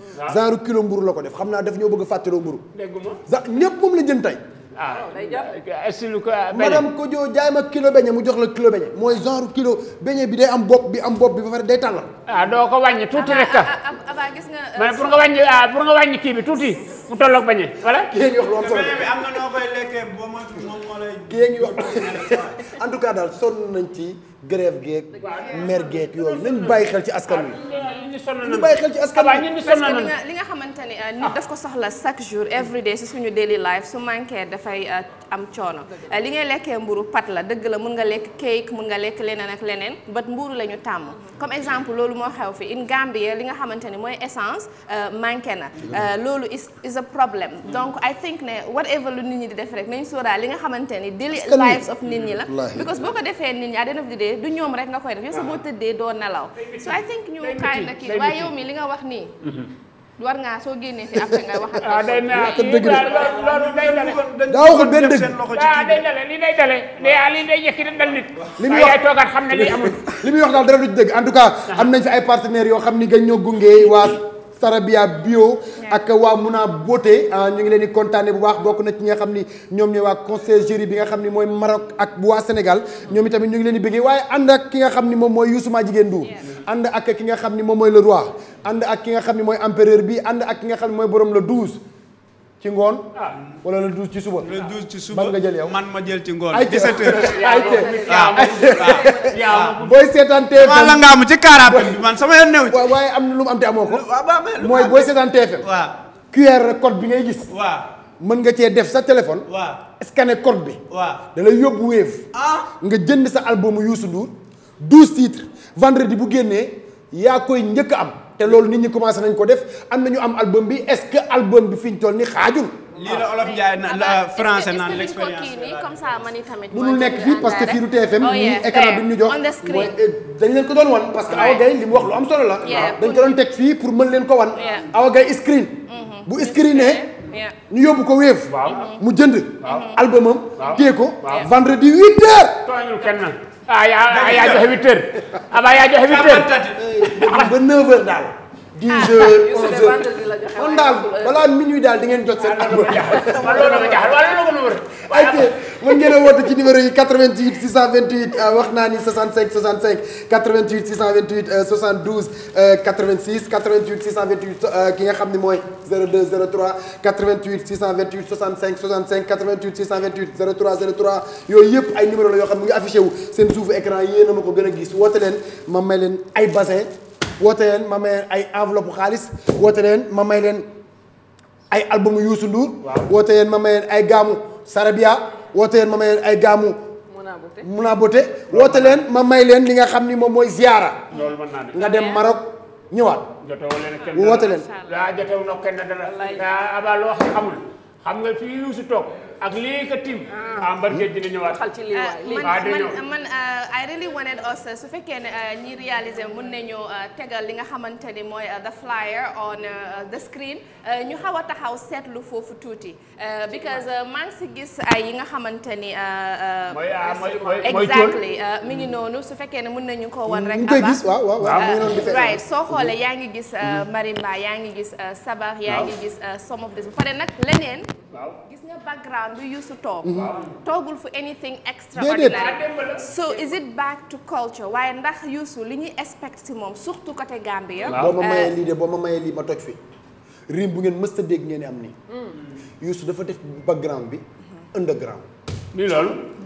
genre kilo mburu la ko def xam naa daf ñoo bëgg a fàttaloo mburu sax ñëpp moom la jën tey ah madame Kodjo jaay ma kilo beñe mu jox la kilo beñe mooy genre kilo beñe bi day am bopp bi am bopp bi ba pare day tàllal. ah doo ko wàññi tuuti rek. Ah, ah, ah, gis nga. Euh, ma ne pour nga wàññi ah pour kii bi tuuti mu tolloog beñe voilà. kii ngi wax lu am solo bi am na noo koy lekkee boo ma moom moo lay. kii ngi wax en tout cas daal sonn nañ ci. grève geeg mer geeg yooyu nañ bàyyi xel ci askan wi ah, ñu bàyyi xel ci askan wi parce que li nga xamante ni euh, nit ah. daf ko soxla chaque jour every day si suñu daily life su manqué dafay euh, am coono euh, li ngay lekkee mburu pat la dëgg la mun nga lekk cake mun nga lekk leneen ak leneen bat mburu la ñu tàmm comme exemple loolu moo xew fi in Gambia li nga xamante ni mooy essence manqué na loolu is is a problem hmm. donc I think ne whatever lu nit ñi di def rek nañ sóoraa li nga xamante ni daily lives of nit ñi la because boo ko defee nit ñi à the end of the day tëddee du ñoom rek nga koy def yow sa boo ah. tëddee doo nelaw so I think ñu kaay na kii waaye yow mi li nga wax nii mhm. war ngaa soo génnee si après ngay wax ak ah, day naa kii daal loolu day dale daa waxul benn dëgg daa ah, day dale lii day dale lii day yëkki da dal nit li muy xam ne lii amul li muy wax daal dara du ci dëgg en am nañ fi ay partenaires yoo xam ni gañ ñoo gunge waa Sarabia bio ak waa a Beauté ah, ñu ngi leen di kontaane bu baax bokk na ci nga xam ni ñoom ñooy waa conciergerie bi nga xam ni mooy Maroc ak waa Sénégal ñoom itamit ñu ngi leen di bëggee waaye ànd ak ki nga xam ni moom mooy Youssouma Jigéen Ndour ànd ak ki nga xam ni moom mooy le roi ànd ak ki nga xam ni mooy empereur bi ànd ak ki nga xam ni mooy borom le douze ci ngoon. Ah. wala la douze ci suba. le ci suba ban nga jël yow. man ma jël ci ngoon. ayca ayca ayca booy seetaan TFM. waaw la nga am ci carapet bi man sama waaye am lu mu te amoo ko. mooy booy seetaan TFM. bi ngay gis. waaw. mën nga cee def sa téléphone. waaw scanner code bi. waaw da lay yóbbu Wave. Ah. nga jënd sa album Youssou Ndour douze titres vendredi bu génnee yaa koy njëkk am. te loolu nit ñi commencé nañ ko def am na ñu am album bi est-ce que album bi fi ñu toll nii xaajul. lii la olof Ndiaye nekk fii parce que fii du TFM. ñu écran bi ñu jox mooy eh, dañ leen ko doon wan. parce que Awa Gaye li mu wax lu am solo la. dañ ko doon teg fii pour mën leen ko wan. Awa Gaye screen. Mm-hmm. bu screené. ñu yóbbu ko wéef mu jënd. albumam téye vendredi huit heures. ah yaa yaa joxe huit heures. abaa yaa joxe huit heures. ba neuf heures daal. dix heures onze heures kon daal balaa minuit daal di ngeen jot seen. waaw ah, loolu la ma jaaxal waaw loolu la ma a wër. mën ngeen a woote ci numéro yi 88 628 euh, wax naa ni 65 65 88 628 72 86 88 628 ki nga xam ni mooy 02 03 88 628 65 65 88 628 03 03 yooyu yëpp ay numéro la yoo xam mu ngi affiché wu seen suufu écran yéen a ko gën a gis woote leen ma leen ay bassin woote leen ma may leen ay enveloppe xaalis woote leen ma may leen ay album Youssou Ndour. waaw woote leen ma may leen ay gaamu Sarabia. woote leen ma may leen ay gaamu. mun naa bote woote leen ma may leen li nga xam ni moom mooy ziyaara. loolu mën naa nga dem Maroc ñëwaat. jotewoo leen kenn dara woote leen. waaw jotewu na kenn dara. daa abal loo xam xamul xam nga fii yu si toog. ak lii ka tim. ah mbarke dina ñëwaat. xal ci lii waay ah, man ah, I really wanted us ah, su fekkee ne ñi réaliser mun nañoo tegal li nga xamante ni mooy the flyer on the screen ñu xaw a taxaw seetlu foofu tuuti. because maa si gis ay yi nga xamante ni. mooy mooy exactly mi ngi noonu su fekkee ne mun nañu ko wan rek. Mm, aba gis waaw waaw waaw right soo xoolee mm-hmm. yaa ngi gis marimba yaa ngi gis sabar yaa ngi gis some of this pare nag nga background bi Youssou toog mm-hmm. toogul fu anything extraordinary so is it back to culture waaye ndax Youssou li ñuy expect si moom surtout côté Gambia boo ma mayee euh, lii de boo ma mayee lii ma toj fi rim bu ngeen mësta dégg ngeen am nii mm. Youssou dafa def background bi mm-hmm. underground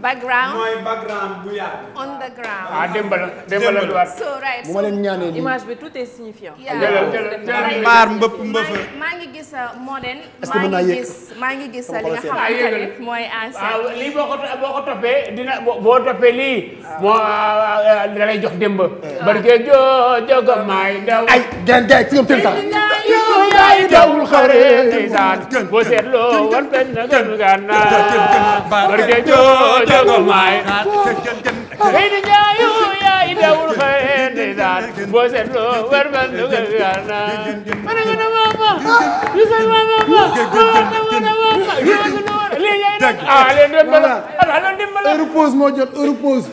background mooy background bu yàgg. on the ground. ah démb la démb la duwaat. so right bu ma leen ñaanee nii image bi tout est signifiant. jëlal jëlal mbaar mbëpp mbëf. maa ngi gis uh, modèle. est-ce que mën naa yëg maa ngi gis uh, li nga xamante ne mooy ancien. Ah, lii boo ko boo ko toppee dina boo toppee lii. Ah. moo ah, da lay jox démb. Eh. barke jojoga maay daw. ay gerte ay si ay dawul xare ndeysaan boo seetloo wan benn gën gànnaar barke jojo jël ko maay xëy na ñaayu yaay dawul xëy na daan boo seetloo war man du ko yaar naa ma ne ko na maama yu sa maama ma ma ma na maama yu sa na war lii yaay nag ah leen dimbala ah leen dimbala heure pause moo jot heure pause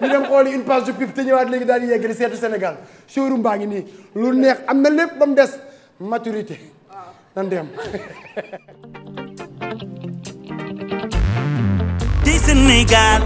ñu dem xooli une page de pub te ñëwaat léegi daal di yeggali seetu Sénégal showroom baa ngi nii lu neex am na lépp ba mu des maturité nan dem Sénégal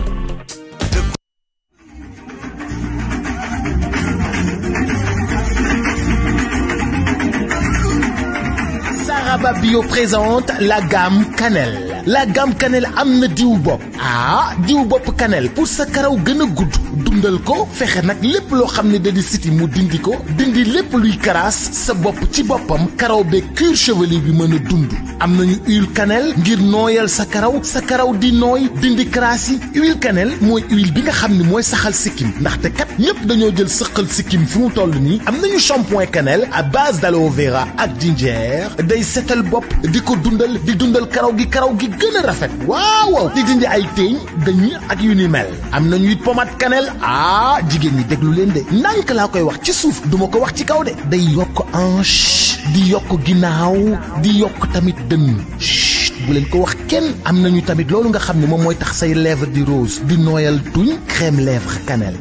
Saraba présente la gamme Cannelle la gamme cannelle am na diw bopp ah diw bopp cannelle pour sa karaw gën a gudd dundal ko fexe nag lépp loo xam ne da di siti mu dindi ko dindi lépp luy karaas sa bopp ci boppam karaw be cuir chevelu bi mën a dund am nañu huile cannelle ngir nooyal sa karaw sa karaw di nooy dindi karaas yi huile cannelle mooy huile bi nga xam ne mooy saxal sikkim ndaxte kat ñépp dañoo jël saxal sikkim fu mu toll nii am nañu shampoing cannelle à base d'aloe vera ak ginger day setal bopp di ko dundal di dundal karaw gi gi gën rafet waaw waaw di dindi ay teeñ dëñ ak yu ni mel am nañu it pommade cannelle ah, jigéen ñi déglu leen de ndànk laa koy wax ci suuf duma ko wax ci kaw de day yokk hanche di yokk ginnaaw di yokk tamit dënn bu leen ko wax kenn am nañu tamit loolu nga xam ne moom mooy tax say lèvre di rose di nooyal tuñ crème lèvre cannelle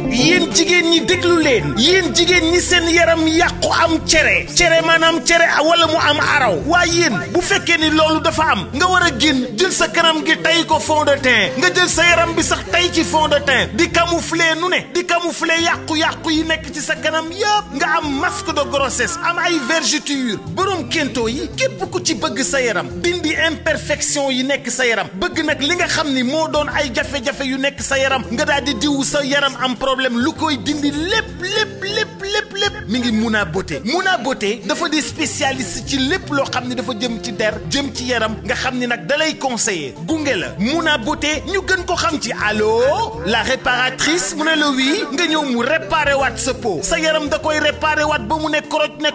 jigéen ñi déglu leen yéen jigéen ñi seen yaram yàqu am cere cere maanaam cere wala mu am araw waaye yéen bu fekkee ni loolu dafa am nga war a génn jël sa kanam gi tay ko fond de teint nga jël sa yaram bi sax tay ci fond de teint di camoufler nu ne di camoufler yàqu-yàqu yi nekk ci sa kanam yëpp nga am masque de grossesse am ay vergetures borom kento yi képp ko ci bëgg sa yaram dindi imperfection yi nekk sa yaram bëgg nag li nga xam ni moo doon ay jafe-jafe yu nekk sa yaram nga daal di diw sa yaram am problème lu koy dindi lépp lépp lépp lépp lépp lépp mi ngi Muna Beauté Muna Beauté dafa di spécialiste ci lépp loo xam ne dafa jëm ci der jëm ci yaram nga xam ni nag dalay conseiller gunge la Muna Beauté ñu gën ko xam ci allo la réparatrice mu ne la nga ñëw mu réparé waat sa peau sa yaram da koy réparé waat ba mu ne koroj ne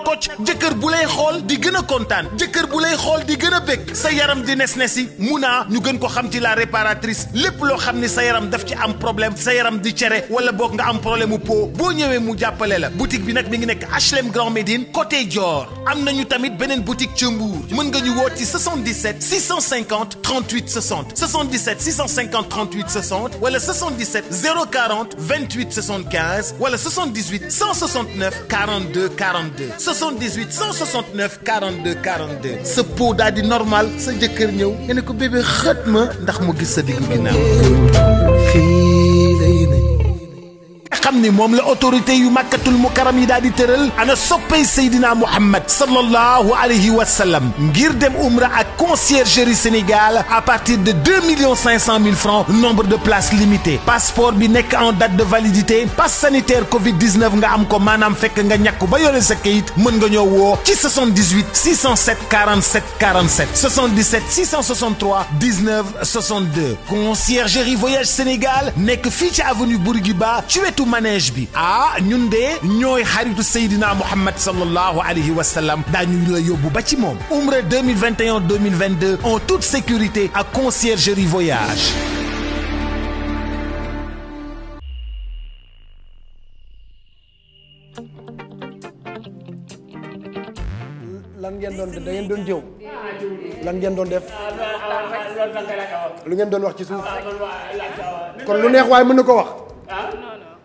jëkkër bu lay xool di gën a kontaan jëkkër bu lay xool di gën a bëgg sa yaram di nes ne si Muna ñu gën ko xam ci la réparatrice lépp loo xam ni sa yaram daf ci am problème sa yaram di cere wala boog nga am problème mu boo ñëwee bëggee mu jàppale la boutique bi nag mi ngi nekk HLM Grand Médine côté Dior am nañu tamit beneen boutique ca Mbour mën nga ñu woo ci 77 650 38 60 77 650 38 60 wala 77 040 28 75 wala 78 169 42 42 78 169 42 42 sa pot daal di normal sa jëkkër ñëw nga ne ko bébé xët ma ndax mu gis sa digg ginnaaw. xam ni moom la autorité yu màkkatul mukaram yi daal di tëral ana soppey Seydina Muhammad sallallahu alayhi wa ngir dem umra ak conciergerie Sénégal à partir de deux million cinq cent mille francs nombre de places limitées passeport bi nekk en date de validité passe sanitaire Covid 19 nga am ko maanaam fekk nga ñàkk ba yore sa kayit mën nga ñoo woo ci 78 607 47 47 77 663 19 62 conciergerie voyage Sénégal nekk fii ci avenue Bourguiba ci wetu manège bi ah ñun de ñooy xaritu Seydina Muhammad sallallahu alayhi wa sallam daañu la yóbbu ba ci moom umra 2021 2022 en toute sécurité ak conciergerie voyage. lan ngeen doon da ngeen doon jëw lan ngeen doon def lu ngeen doon wax ci suuf kon lu neex waaye mën na ko wax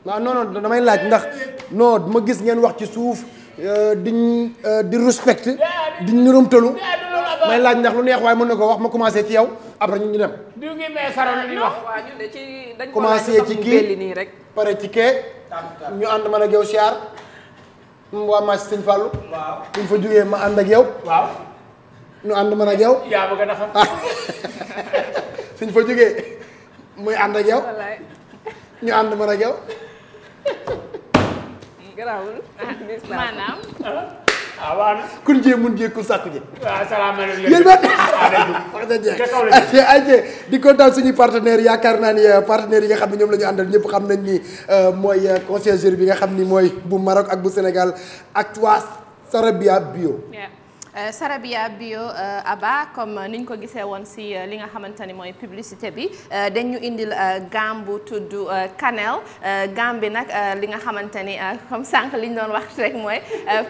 waaw ah, non non damay laaj ndax non ma gis ngeen wax ci suuf euh, diñ euh, di respect diñ nurum tëlu may laaj ndax lu neex waaye mën na ko wax ma commencé ci yow après ñu dem. du ngi may saroon di wax. waaw ñun ci dañ ko laaj commencé ci ci kee. ñu ànd man a yow siyaar waa Massi Sëñ Fallou. waaw bu ñu fa jógee ma ànd ak yow. waaw ñu ànd man ak yow. yaa bëgg na xam. muy ànd ak yow. ñu ànd man a yow. garaawul. Ah, ah, ah, waaw. kun jee mun jee kun sàkku jee. waaw a yéen di kontaan suñu partenaire yaakaar naa ni euh, partenaires yi nga xam ne ñoom lañu àndal ñëpp xam nañ ni euh, mooy euh, conciergerie bi nga xam ni mooy bu Maroc ak bu Sénégal ak waa Sarabia bio. Euh, Sarabia bio euh, Aba comme niñ ko gisee woon si euh, li nga xamante ni mooy publicité bi dañu indil gamme bu tudd Canel gamme bi nag li nga xamante ni comme sànq liñ doon wax rek mooy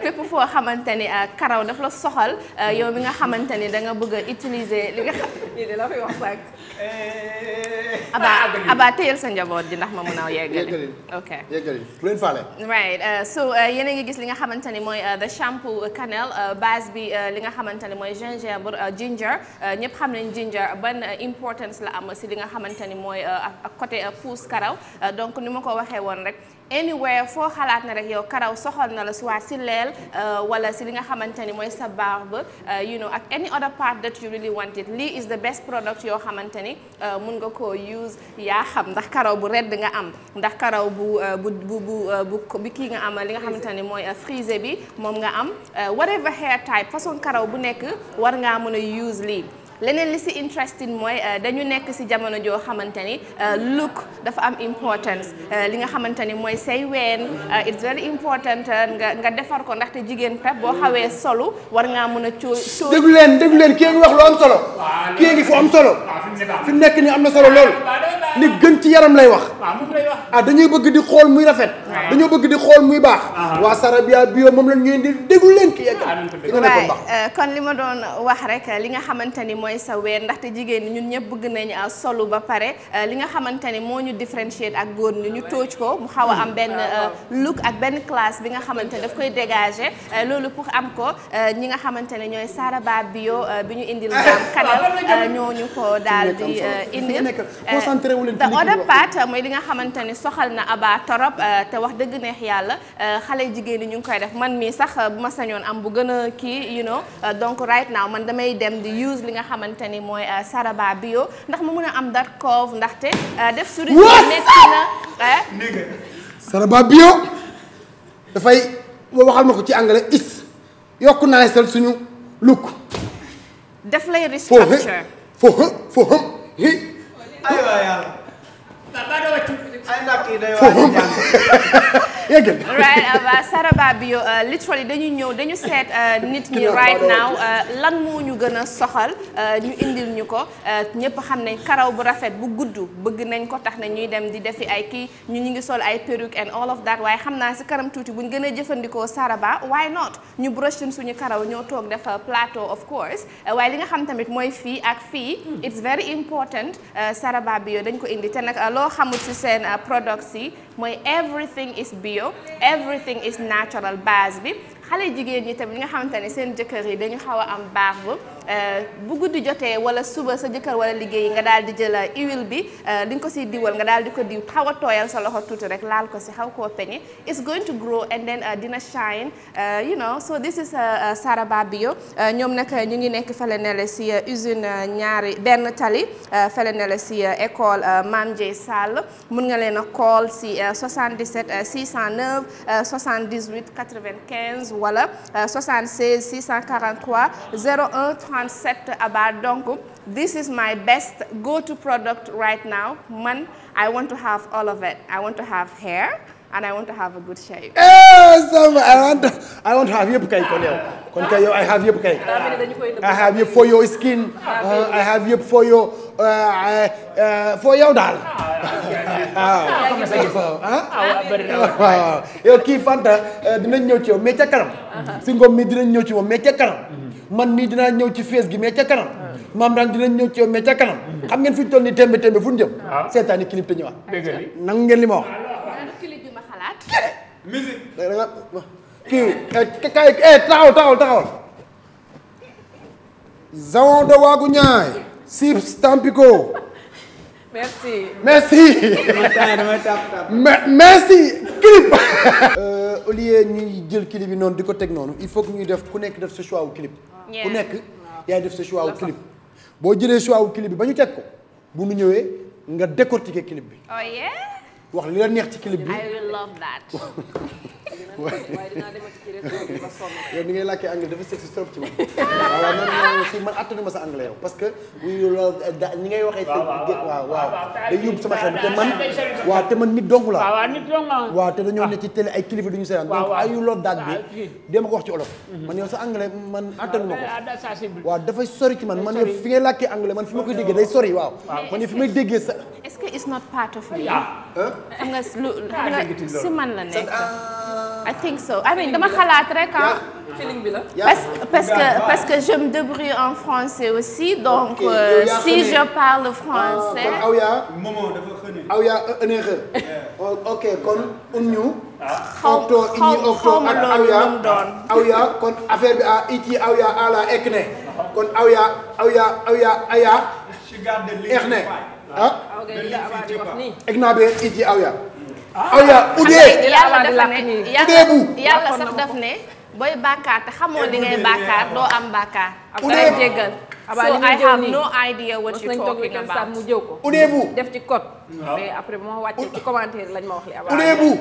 fépp foo xamante ni karaw daf la soxal yow mi nga xamante ni da bëgg a utiliser li nga xam ne la fay wax sànq. Eh. Aba ah, téyel sa njaboot ji ndax ma mën a yeggali. ok yeggali lu faale. right so yéen gis li nga xamante mooy the shampoo Canel base bi. Euh, li nga xamante ne mooy gingembre euh, ginger euh, ñëpp xam nañ ginger ban importance la am si li nga xamante ni mooy ak côté pousse karaw donc ni ma ko waxee woon rek anywhere foo xalaat na rek yow karaw soxal na la soit si leel euh, wala si li nga xamante ni mooy sa barbe euh, you know ak any other part that you really want it lii is the best product yoo xamante ni euh, mun nga koo use yaa xam ndax karaw bu redd nga am ndax karaw bu bu bu bu bu kii nga am li nga xamante ni mooy frisé bi moom nga am whatever hair type façon karaw bu nekk war ngaa mën a use lii leneen li si interesting mooy euh, dañu nekk si jamono joo xamante ni euh, look dafa am importance euh, li nga xamante ni mooy say ween it's very important nga nga defar ko ndaxte jigéen pep boo xawee solu war ngaa mën a coo coo déglu leen déglu leen a ngi wax lu am solo a ngi fu am na solo loolu li gën ci yaram lay wax ah dañuy bëgg di xool muy rafet dañoo bëgg di xool muy baax waa Sarabia bio moom lañ ñuy di déglu leen kii yegg fi nga nekk baax nga xamante mooy mooy sa weer ndaxte jigéen ñi ñun ñëpp bëgg nañu euh, solu ba pare euh, li nga xamante ne moo ñu différencier ak góor ñi ñu tooj ko mu xaw a am benn euh, look ak benn classe bi nga xamante ne daf koy dégager loolu pour am ko ñi nga xamante ne ñooy Saraba baat bi ñu indil eh, daam kanal ñoo ñu ko daal di indil te oda pat mooy li nga xamante ne soxal na abaa torop te wax dëgg neex yàlla xale jigéen ñi ñu ngi koy def man mii sax bu ma sañoon am bu gën a kii you know donc right now man xamante ni mooy euh, Saraba bio ndax ma mun a am date cove ndaxte euh, def souris nekk na eh? Saraba bio dafay waxal ma ko ci anglais is yokk naa sel suñu look daf lay restructure foofu yeggal right uh, Saraba Bio uh, literally dañu ñëw dañu seet uh, nit ñi right now lan moo ñu gën a soxal ñu indi ñu ko ñëpp xam nañ karaw bu rafet bu gudd bëgg nañ ko tax na ñuy dem di defi ay kii ñu ñu ngi sol ay perruque and all of that waaye xam naa si kanam tuuti buñ gën a jëfandikoo Saraba why not ñu brochin suñu karaw ñoo toog def plateau of course waaye li nga xam tamit mooy fii ak fii it's very important Saraba Bio dañ ko indi te nag loo xamul si seen products yi mooy everything is bio everything is natural base bi xale jigéen ñi tamit nga xamante ne seen jëkkër yi dañu xaw am barbe euh, bu guddi jotee wala suba sa jëkkër wala liggéey yi nga daal di jël euh, huile bi euh, li nga ko siy diwal nga daal di ko diw xaw a tooyal sa loxo tuuti rek laal ko si xaw koo peñe it's going to grow and then dina shine you know so this is Saraba Bio ñoom nag ñu ngi nekk fële si usine ñaari benn tali fële si école Mame Dieye Sall mun nga leen a call si 77 609 78 95 wala 76 643 01 37 Abba donc this is my best go to product right now man I want to have all of it I want to have hair and I want a I want to, I want to have yëpp kay kon yow kon kay yow I have yëpp kay. Ah, I have yëpp for your skin. Ah, uh, I have yëpp for your uh, uh, for yow daal. waaw yow kii Fanta dinañ ñëw ci yow mais ca kanam. si ngoom mi dinañ ñëw ci moom mais ca kanam. man mii dina ñëw ci fees gi mais ca kanam. Ah. maam daan dinañ ñëw ci yow mais ca kanam. xam ngeen fi ñu toll nii tembe tembe fu ñu jëm. seetaani clip te ñëwaat. nangu ngeen li ma musique taxaw nga kii eh, kay eh, taxawal taxawal taxawal. de waagu ñaay. Sips Tampico. merci. merci. merci. clip. Euh, ñuy jël clip yi noonu di ko teg noonu il faut que ñuy def ku nekk def sa choix wu ku nekk yaay def sa choix wu boo jëlee choix wu bi ba ñu teg ko bu mu ñëwee nga décortiquer clip bi. Oh, wax li la neex ci clip bi. I will love yow ni ngay làkkee anglais dafa sexy trop ci man. waaw si man ma sa anglais parce que. loolu da ñi ngay waxee. waaw waaw day yóbbu sama xel te man. waaw te man nit dong la. waaw nit dong la. waaw te dañoo ne ci télé ay kilifa du ñu seetaan. waaw waaw donc ayu loolu daat bi. Ah, dama ko wax mhm. man yow sa anglais man ah, attanu ma ko. Ah, dafay sori ci man man yow fi ngay làkkee anglais man fi ma koy déggee day sori waaw. man yow fi may déggee sa. est it's not part of me. xam nga lu xam nga si man la nekk. Ah. I think so I mean dama xalaat rek ah. feeling bi la. parce que parce que parce que je me débrouille en français aussi donc euh, si je parle ah, français. kon aw yaa. momo dafa xëne. aw yaa ënexe. ok kon un ñu. Ah. xaw xaw ma loolu lu mu doon aw yaa kon affaire bi a ici aw yaa ala ekne kon aw yaa aw yaa aw yaa ayaa. ah ignabe iji awya awya udee udee bu yàlla sax daf ne booy bàkkaar te xamoo li ngay bàkkaar doo am bàkkaar udee jéggal so I have no idea what you talking about mu jëw ko udee bu def ci code mais après bu ma wàccee ci commentaire lañ ma wax li abaa udee bu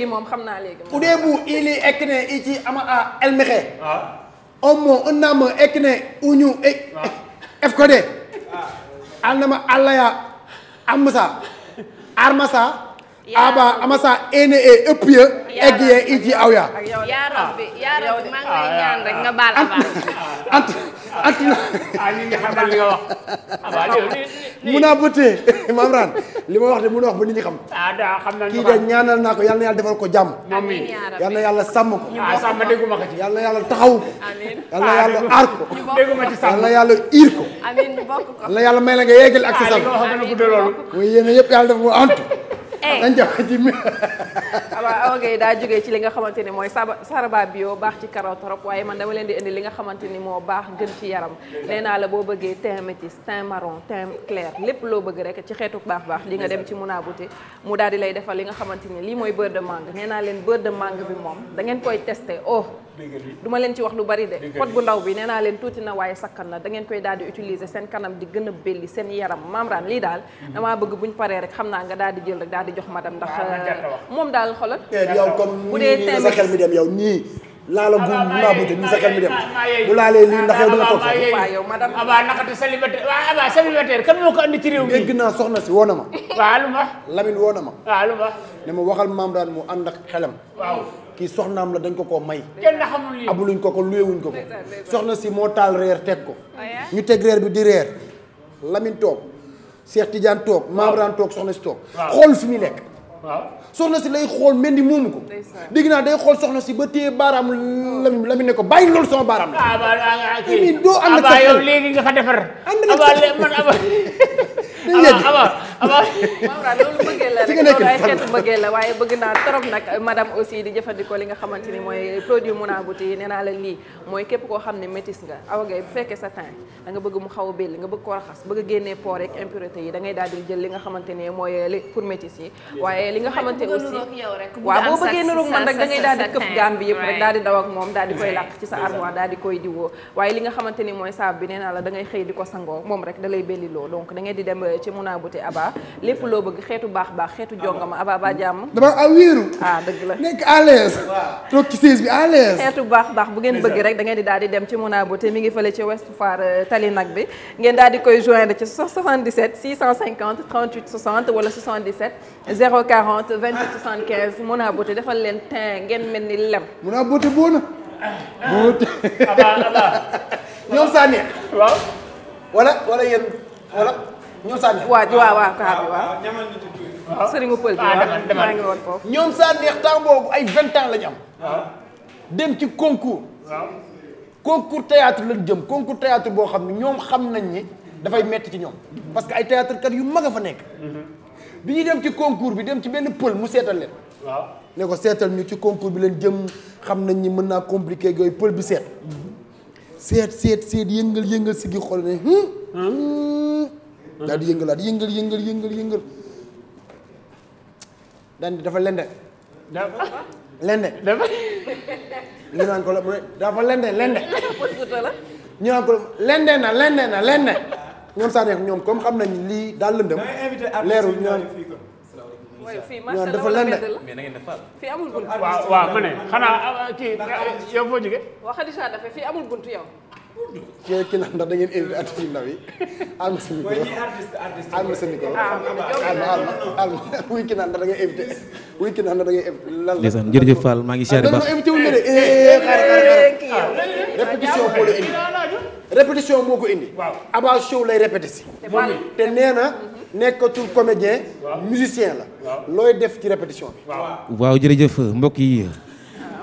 gi moom xam naa léegi udee bu ili ekk ne iji ama a elmexe ah. omo un naam ekk ne uñu ef ah. ko de ah. alnama allaya amsa armasa aba amasa ene e ëpp ya egg ya iji at na ah ñu ngi xamal li nga wax. mun naa bëttee maam Rane wax de mun a wax ba nit ñi xam. ah daa xam naa kii de ñaanal naa ko yal na yàlla defal ko jàmm. amiin yal na yàlla sàmm ko. ah sàmm dégguma ko yal na yàlla taxawu ko. yal na ah, aar ko. dégguma ci yal na yàlla iir ko. amiin bokk ko. yal na yàlla may la nga yeggal ak sa sàmm. ah li antu. waaw Awa Gueye daa jógee ci li nga xamante ni mooy saraba bio baax ci karaw torop waaye man dama leen di indi li nga xamante ni moo baax gën ci yaram nee naa la boo bëggee teint métis teint maron teint clair lépp loo bëgg rek ci xeetu baax baax li nga dem ci Mouna Bouté mu daal di lay defal li nga xamante lii mooy beurre de mangue nee leen beurre de mangue bi moom dangeen koy teste oh du ma leen ci wax lu bari de pot bu ndaw bi nee naa leen tuuti na waaye sakkan na da ngeen koy daal di utiliser seen kanam di gën a belli seen yaram maamraan lii daal mhm. damaa bëgg buñ paree rek xam naa nga daal di jël rek daal di jox madame ndax ah, euh, moom daal xolal eh, yow comme sa xel mi dem yow nii laala gu naa buté ni sa xel mi dem bu laalee lii ndax yow dina ko andi ci réew mi dégg naa soxna si woo ma waaw lu ma Lamine woo na ma ne ma waxal maamraan mu ànd xelam kii soxnaam la dañ ko koo may. abuluñ ko ko luyeewuñ ko ko. soxna si moo taal reer teg ko. Oh, ñu teg reer bi di reer. Lamine toog Cheikh Tidiane toog. waaw toog soxna si toog. xool si muy lekk. waaw soxna si lay xool mel ni moomu ko. dégg naa day xool soxna si ba téye baaraam Lamine Lamine ne ko bàyyi loolu sama baaraam la. ah, ah, ah doo ànd ak ah, sa yow léegi nga fa defar. ànd ak sa ama ama Maodo loolu bëggee la rek loolu ay xeetu bëggee la waaye bëgg naa trop nag madame aussi di jëfandikoo li nga xamante ni mooy produit Mouna Boutique yi nee naa la mooy képp koo xam ne métis nga awa bu fekkee sa teint da bëgg mu xaw a nga bëgg ko raxas bëgg a génnee pores rek yi ngay daal di jël li nga xamante ne mooy pour métis yi waaye li nga xamante aussi waaw boo bëggee niroog man rek da ngay këpp gaam bi yëpp rek daal moom daal koy làq ci sa armoire daal di koy diwoo waaye li nga xamante ni mooy saab bi nee naa la da ngay xëy di ko sangoo moom re lay belli loo ci Mouna Bouté Aba lépp loo bëgg xeetu baax baax xeetu jongama Aba ba jàmm. dama a wéeru. ah dëgg la nekk à l'aise. toog ci siis bi à xeetu baax baax bu ngeen bëgg rek da di daal di dem ci Mouna Bouté mi ngi fële ci Ouest Foire euh, Tali nag bi ngeen daal di koy joindre ci 77 650 38 60 wala 77 040 28 75 Mouna Bouté defal leen teint ngeen mel ni lem. Mouna Bouté boo na. buut abaa abaa. ñoom saa waaw. wala wala yéen wala. ñoom Sanex waaw waaw waaw Kaabi waaw. waaw sëriñu pël bi waaw ah. ah, maa ay vingt ans lañ am. Ah. dem ci concours. waaw concours théâtre lañ jëm concours théâtre boo xam ne ñoom xam nañ ni dafay metti ci ñoom. parce que ay théâtre kat yu mag a fa nekk. Mm-hmm. bi ñu dem ci concours bi dem ci benn pël mu seetal leen. ne ko seetal ñu ci concours bi leen jëm xam nañ ni mën naa compliqué yooyu pël bi seet. Mm-hmm. seet seet seet yëngal yëngal si gi xool ne. Hmm? Hmm? Hmm? daal di yëngalaat yëngal yëngal yëngal yëngal daan dafa lende lende ñu naan ko la mu ne dafa lende lende ñu naan ko lende na lende na lende ñoom saa neex ñoom comme xam nañ lii daal lëndëm leerul ñoom fii marché dafa lënd mais fii amul buntu. waaw waaw ma ne xanaa ah, ah, kii fii amul buntu yow. kii kii ndax da ngeen invité artiste yu ndaw yi. alma sa micro alma sa ah, micro wuy kii naan da ngeen invité wuy kii naan da ngeen invité lan la. ndeysaan jërëjëf Fall maa ngi siyaare ah, baax invité wuñ eh, eh, eh, ah, répétition moo la indi répétition moo ko indi. waaw Abba Show lay répété si. te nee nekkatul comédien musicien la. looy def ci répétition bi. waaw jërëjëf mbokk yi.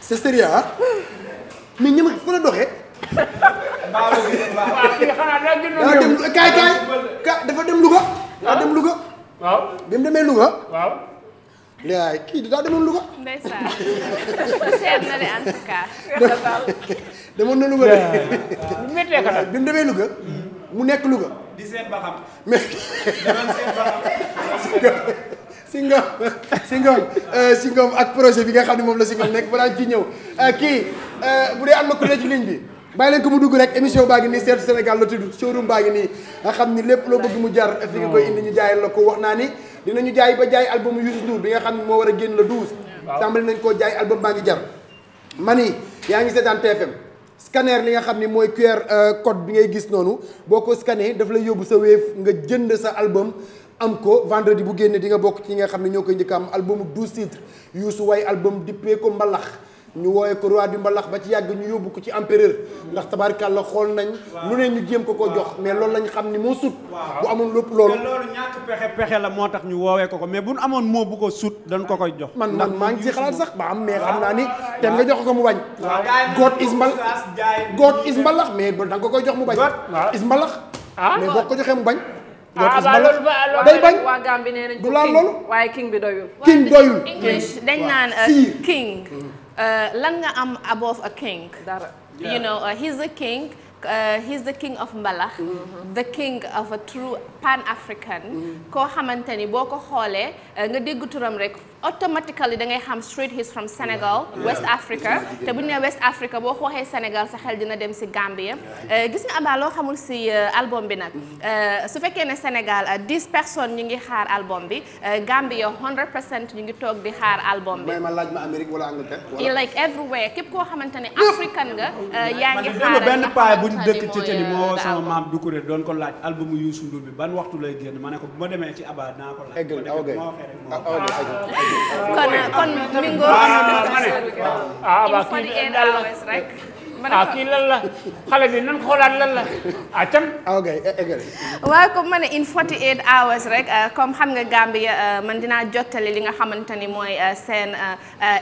c'est sérieux ah mais ma fa la doxee. dafa dem Louga. daa dem Louga. waaw bi mu demee Louga. waaw. kii daa demoon Louga. ndeysaan demoon na Louga de. bi mu demee Louga. Mm-hmm. mu nekk Louga. di seet ba xam. mais si ngoom si si ngoom ak projet bi nga xam ne moom la si ngoom nekk balaa ci ñëw euh, kii euh, bu dee am na ku ne ci ligne bi. bàyyi leen ko mu dugg rek émission baa ngi nii seetu Sénégal la tudd showroom baa ngi nii nga xam ni lépp loo bëgg mu jar fi nga koy indi ñu jaayal la ko wax naa ni dinañu jaay ba jaay album Youssou Ndour bi nga xam ne moo war a génn la 12. waaw tàmbali nañ koo jaay album baa ngi jar. mani yaa ngi seetaan TFM. scanner li nga xam ni mooy QR euh, code bi ngay gis noonu boo ko scanner daf lay yóbbu sa Wave nga jënd sa album am ko vendredi bu génne di nga bokk ci nga xam ne ñoo koy njëkk am albumu douze titres Youssou way album dippee ko mbalax ñu wooye ko roi du mbalax ba ci yàgg ñu yóbbu ko ci empereur ndax tabarkàlla xool nañ lu ne ñu jéem ko ko jox mais loolu lañ xam ni moo sut bu amoon lépp loolu loolu ñàkk pexe la moo tax ñu woowee ko ko mais bu ñu amoon moo bu ko sut dañ ko koy jox man man maa ngi ci xalaat sax ba am mais xam naa ni te nga jox ko mu bañ goot is mbalax goot is mbalax mais da nga ko koy jox mu bañ is mbalax ah, mais boo ko joxee mu bañ ah waaw loolu ba loolu day bañ waa Gambie nee nañ du laal loolu waaye king bi doyul king doyul english dañ naan uh, Uh, lan nga am above a king. dara you know uh, he's a king. Uh, he's the king of mbalax mm-hmm. the king of a true pan african mm-hmm. koo xamante ni boo ko xoolee uh, nga dégg turam rek automatically da ngay xam street his from Sénégal West Africa te bu ñu nee West Africa boo xooxee Sénégal sa xel dina dem si Gambia euh, gis nga Abba xamul si euh, album bi nag euh, su fekkee ne Sénégal dis personnes ñu ngi xaar album bi Gambia 100 percent ñu ngi toog di xaar album bi. ma laaj ma Amérique wala Angleterre. képp koo xamante ne African nga. yaa ngi xaar benn bu ñu dëkk ci cëli moo sama maam doon ko laaj album Youssou Ndour bi ban waxtu lay génn ma ne ko bu ma demee ci Abba naa ko laaj. kon kon Mingo. ah waaw ah, kii lan la ah kii lan la xale bi nan xoolaat la ah tam. Ah, ok e, waaye hours rek euh, comme xam nga Gambia euh, man dinaa jottali li nga xamante ni mooy euh, seen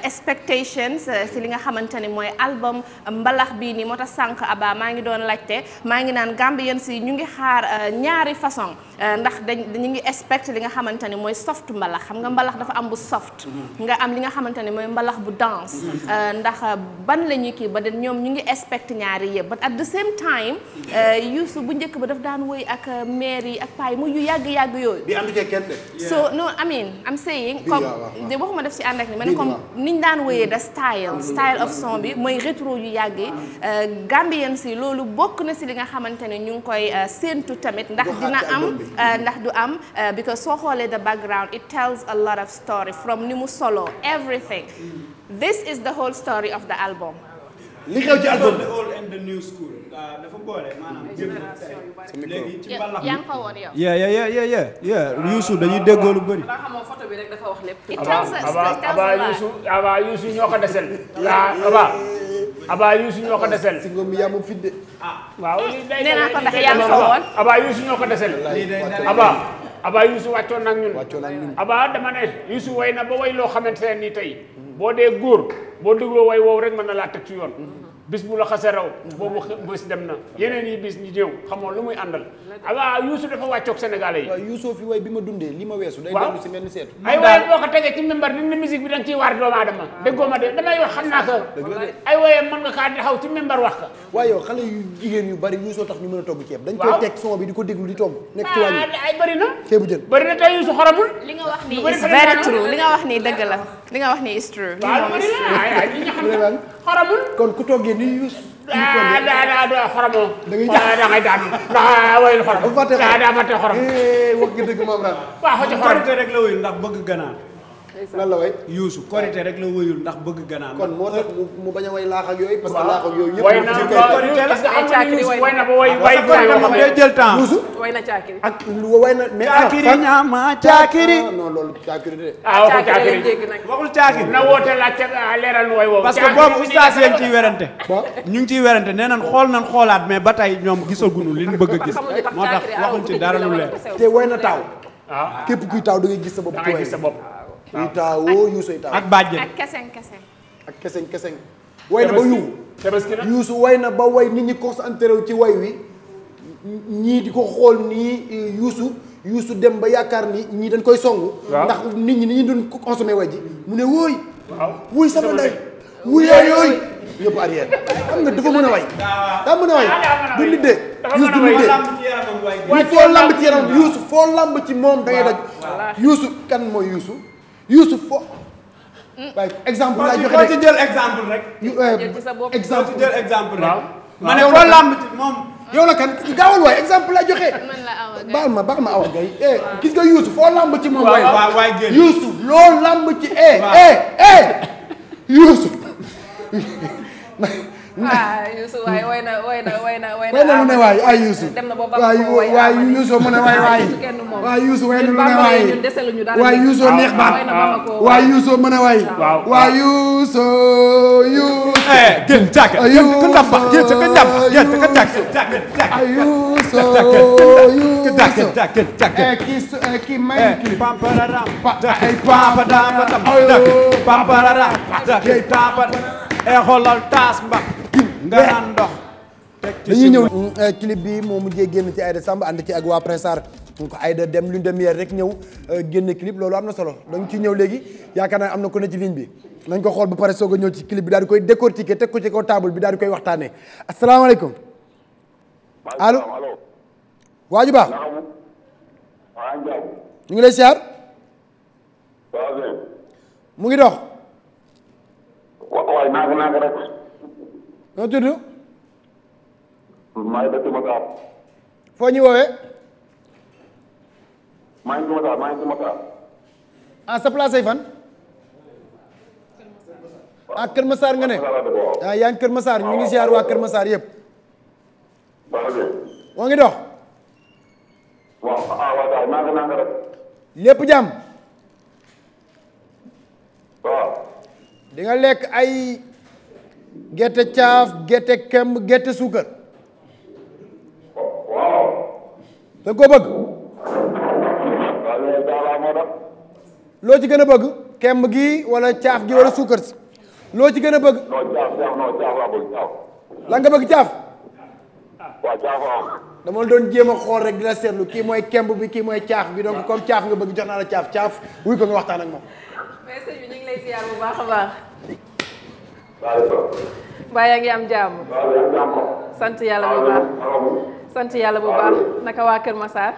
expectations si li nga xamante ni mooy album mbalax bii nii moo tax sànq Aba maa ngi doon laajte maa ngi naan Gambien si ñu ngi xaar ñaari façon. Euh, ndax dañ dañu ngi expect li nga xamante ne mooy soft mbalax xam nga mbalax dafa am bu soft mm-hmm. nga am li nga xamante ne mooy mbalax bu danse mm-hmm. euh, ndax ban la ñuy kii ba den ñoom ñu ngi expect ñaari yëpp but at the same time mm-hmm. euh, Youssou bu njëkk ba daf daan woy ak maire yi ak paay yi mu yu yàgg-yàgg yooyu bi andu ci kenn de so no I mean I'm saying comme de waxuma def ci ànd ak ni ma ne comme niñ daan woyee da style style of song bi mooy rétro yu yàgg yi Gambien si loolu bokk na si li nga xamante ne ñu ngi koy séentu tamit ndax Euh, ndax du am euh, because soo xoolee the background it tells a lot of story from ni mu solo everything this is the whole story of the album li xew ci album the old and the new school ah, dafa boole maanaam léegi ci mbalax yaa ngi fa woon yow yeah yeah yeah yeah yeah Youssou dañuy déggoo lu bëri ba xamoo photo bi rek dafa wax lépp aba Youssou aba Youssou ñoo ko desel la aba abaa yuusu ñoo ko desel si ngoom yaa ma fidde ah waaw nee ko ndax yaa ma fa woon abaa ñoo ko desel abaa abaa yuusu wàccoon nag ñun wàccoon nag ñun dama ne yuusu way na ba way loo xamante ne nii tey boo dee góor boo dégloo way woowu rek ma na laa teg ci yoon bis bu la xasee raw boobu bés dem na yeneen yi bis ñu ñëw xamoo lu muy àndal waaw Youssou dafa wàccoog Sénégalais yi waaw fi way bi ma dundee li ma weesu day dellu si mel ni seetu ay waye boo ko tegee ci membar ni musique bi da nga waar doomu aadama ah. déggoo ma de damay wax xam naa ko ay waye mën nga kaa taxaw ci membar wax ka waaye yow xale yu jigéen yu bari Youssou tax ñu mën a togg ceeb dañ koy teg son bi di ko déglu di togg nekk ci wàññi ah, ay bëri na na tey Youssou xoromul li nga wax ni is very la li nga wax ni is true. lii moom is true waaw li nga xam ne xoromul. kon ku toogee ni yuus. ah daa daa daa xoromoo. da ngay jaaxle da ngay daan daa wayul xorom. daa daa fàtte xorom. wax nga dëgg moom daal. waaw xorom rek la wuyu ndax bëgg ganaar. lan la way yuusu rek la wëyul ndax bëgg ganaar kon moo tax a way laax ak yooyu parce que laax ak yooyu yëpp way na moom ah, day jël temps yuusu way na caakiri ak way na mais ah, caakiri ñaama caakiri ah, non loolu waxul caakiri waxul na boobu ustaas yi ciy werante ñu ngi werante nee xool nañ xoolaat mais ba tey ñoom gisaguñu li ñu bëgg a gis moo tax waxuñ ci dara lu leer te way na taaw képp kuy taaw da gis sa bopp Itaawo Youssou Itaawo ak Bàjjen ak Keseng Keseng. ak Keseng Keseng. way na ba yuuxu Tabaski na Youssou way na ba way nit ñi concentré wu ci way wi ñii di ko xool nii Youssou Youssou dem ba yaakaar ni ñii dañ koy songu. ndax nit ñi ni ñu doon consommé way ji mu ne wóoy. waaw wuy sama ndey. wuy yaay yooyu ñëpp arrière xam nga dafa mën a way. daa mën a way du nit de. Youssou du nit de foo lamb ci yaram Youssou foo lamb ci moom da ngay daj kan mooy Youssou. Youssouf fo. Mm. waaye exemple laa joxe rek ci jël exemple rek. Euh, jël ci sa bopp exemple jël exemple rek. ma ne foo làmb ci moom. yow la kan gaawal waay exemple laa joxe. baal ma baal ma awa gay. eh gis nga Youssouf foo làmb ci moom. waay waay waay génn Youssouf loo làmb ci eh eh eh Youssouf. ah Youssou waay way na way na way na way na lu ne waay ay Youssou dem na boobu waay waay Youssou mu ne waay waay waay Youssou way na lu ne waay waay Youssou neex baat waay Youssou mu ne ah. waay waay Youssou Youssou eh gën jàkk gën ko ndàmpa gën ko ndàmpa gën ko jàkk jàkk jàkk ay Youssou Youssou jàkk jàkk jàkk eh ki ki may ki pampararam pa ay pampararam pa ay pampararam jàkk tapat eh xoolal taas mbaa nga naan ndox. dañuy ñëw euh, clip bi moo mujjee génn ci Aïda Samb ànd ci ak waa Pressar ko Aïda dem lune dem miel rek ñëw euh, génn clip loolu am na solo donc ci ñëw léegi yaakaar naa am na ko ne ci ligne bi nañ ko xool ba pare soo a ñëw ci clip bi daal koy décortiquer teg ko ci kaw table bi daal di koy waxtaanee asalaamaaleykum. allo waaju baax. ñu ngi lay siyaar. mu ngi dox. noo tudd. maa ngi dëkk foo ñu woowee. maa ngi ah, fan. ah Kër Massar nga ne. ah yaa ngi Kër Massar ñu ngi ziar waa Kër Massar yëpp. moo ngi dox. waaw ah lépp jàmm. waaw. lekk ay. gerte caaf gerte kemb gerte suukar da ko bëgg loo ci gën a bëgg kemb gi wala caaf gi wala suukar si loo ci gën a bëgg la nga bëgg caaf dama doon jéem a xool rek dina seetlu kii mooy kemb bi kii mooy caaf bi donk comme caaf nga bëgg jox naa la caaf caaf wuy ko nga waxtaan ak moom mbaa yaa ngi am jàmm sant yàlla bu baax sant yàlla bu baax naka waa Kër Massar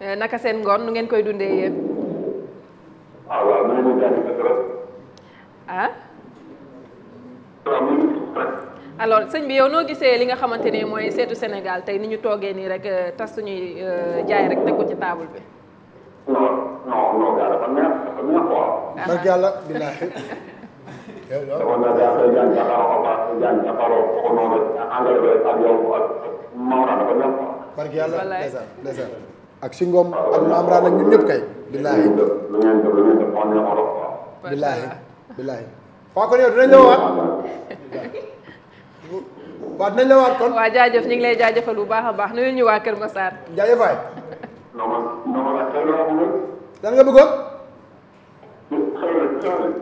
eh, naka seen ngoon nu ngeen koy dundee yéen ah alors sëñ bi yow noo gisee li nga xamante ni mooy seetu Sénégal tey ni ñu toogee nii rek eh, tas suñuy eh, jaay rek teg ko ci table bi non non non billaahi. ko noonu ak yow ak Maodo dafa neex kay. billaahi lu ngeen def lu la waat. waaw dinañ la waat kon. waaw jaajëf ñu ngi lay jaajëfal bu baax a baax nuyu ñu waa Kër Massar. jaajëfaay. lan nga bëggoon.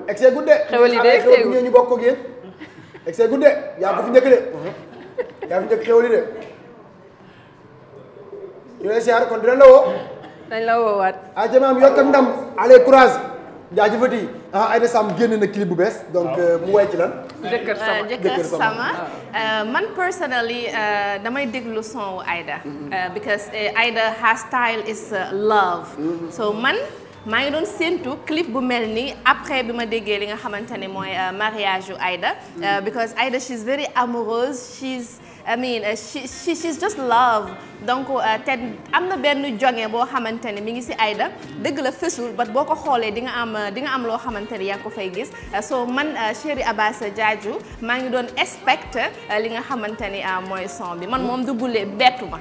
egg see gudde. xewal yi de egg see gudde ñu bokk ak yéen. egg see gudde yaa ko fi njëkk de. yaa fi njëkk xewal yi de. ñu lay kon dinañ la woo. dañ la woowaat. ah jamaam yokk ak ndam courage. jaajëfati ah Aïda Samb génne na clip bu bees donc euh, mu way ci lan. jëkkër sama jëkkër euh, man personally euh, damay déglu son wu Aïda. Mm-hmm. because Aïda her style is love. Mm-hmm. so man maa ngi doon séentu clip bu mel ni après bi ma déggee li nga xamante ne mooy mariage yu Aïda. Mm-hmm. because Aïda she's very amoureuse I mean uh, she she she's just love donc uh, te am na benn jonge boo xamante ne mi ngi si Aida dëgg la fësul bat boo ko xoolee di nga am uh, di am loo xamante ne yaa ko fay gis so man chéri Abass Diadio maa ngi doon expect li nga xamante ni mooy son bi man moom duggulee bettu ma.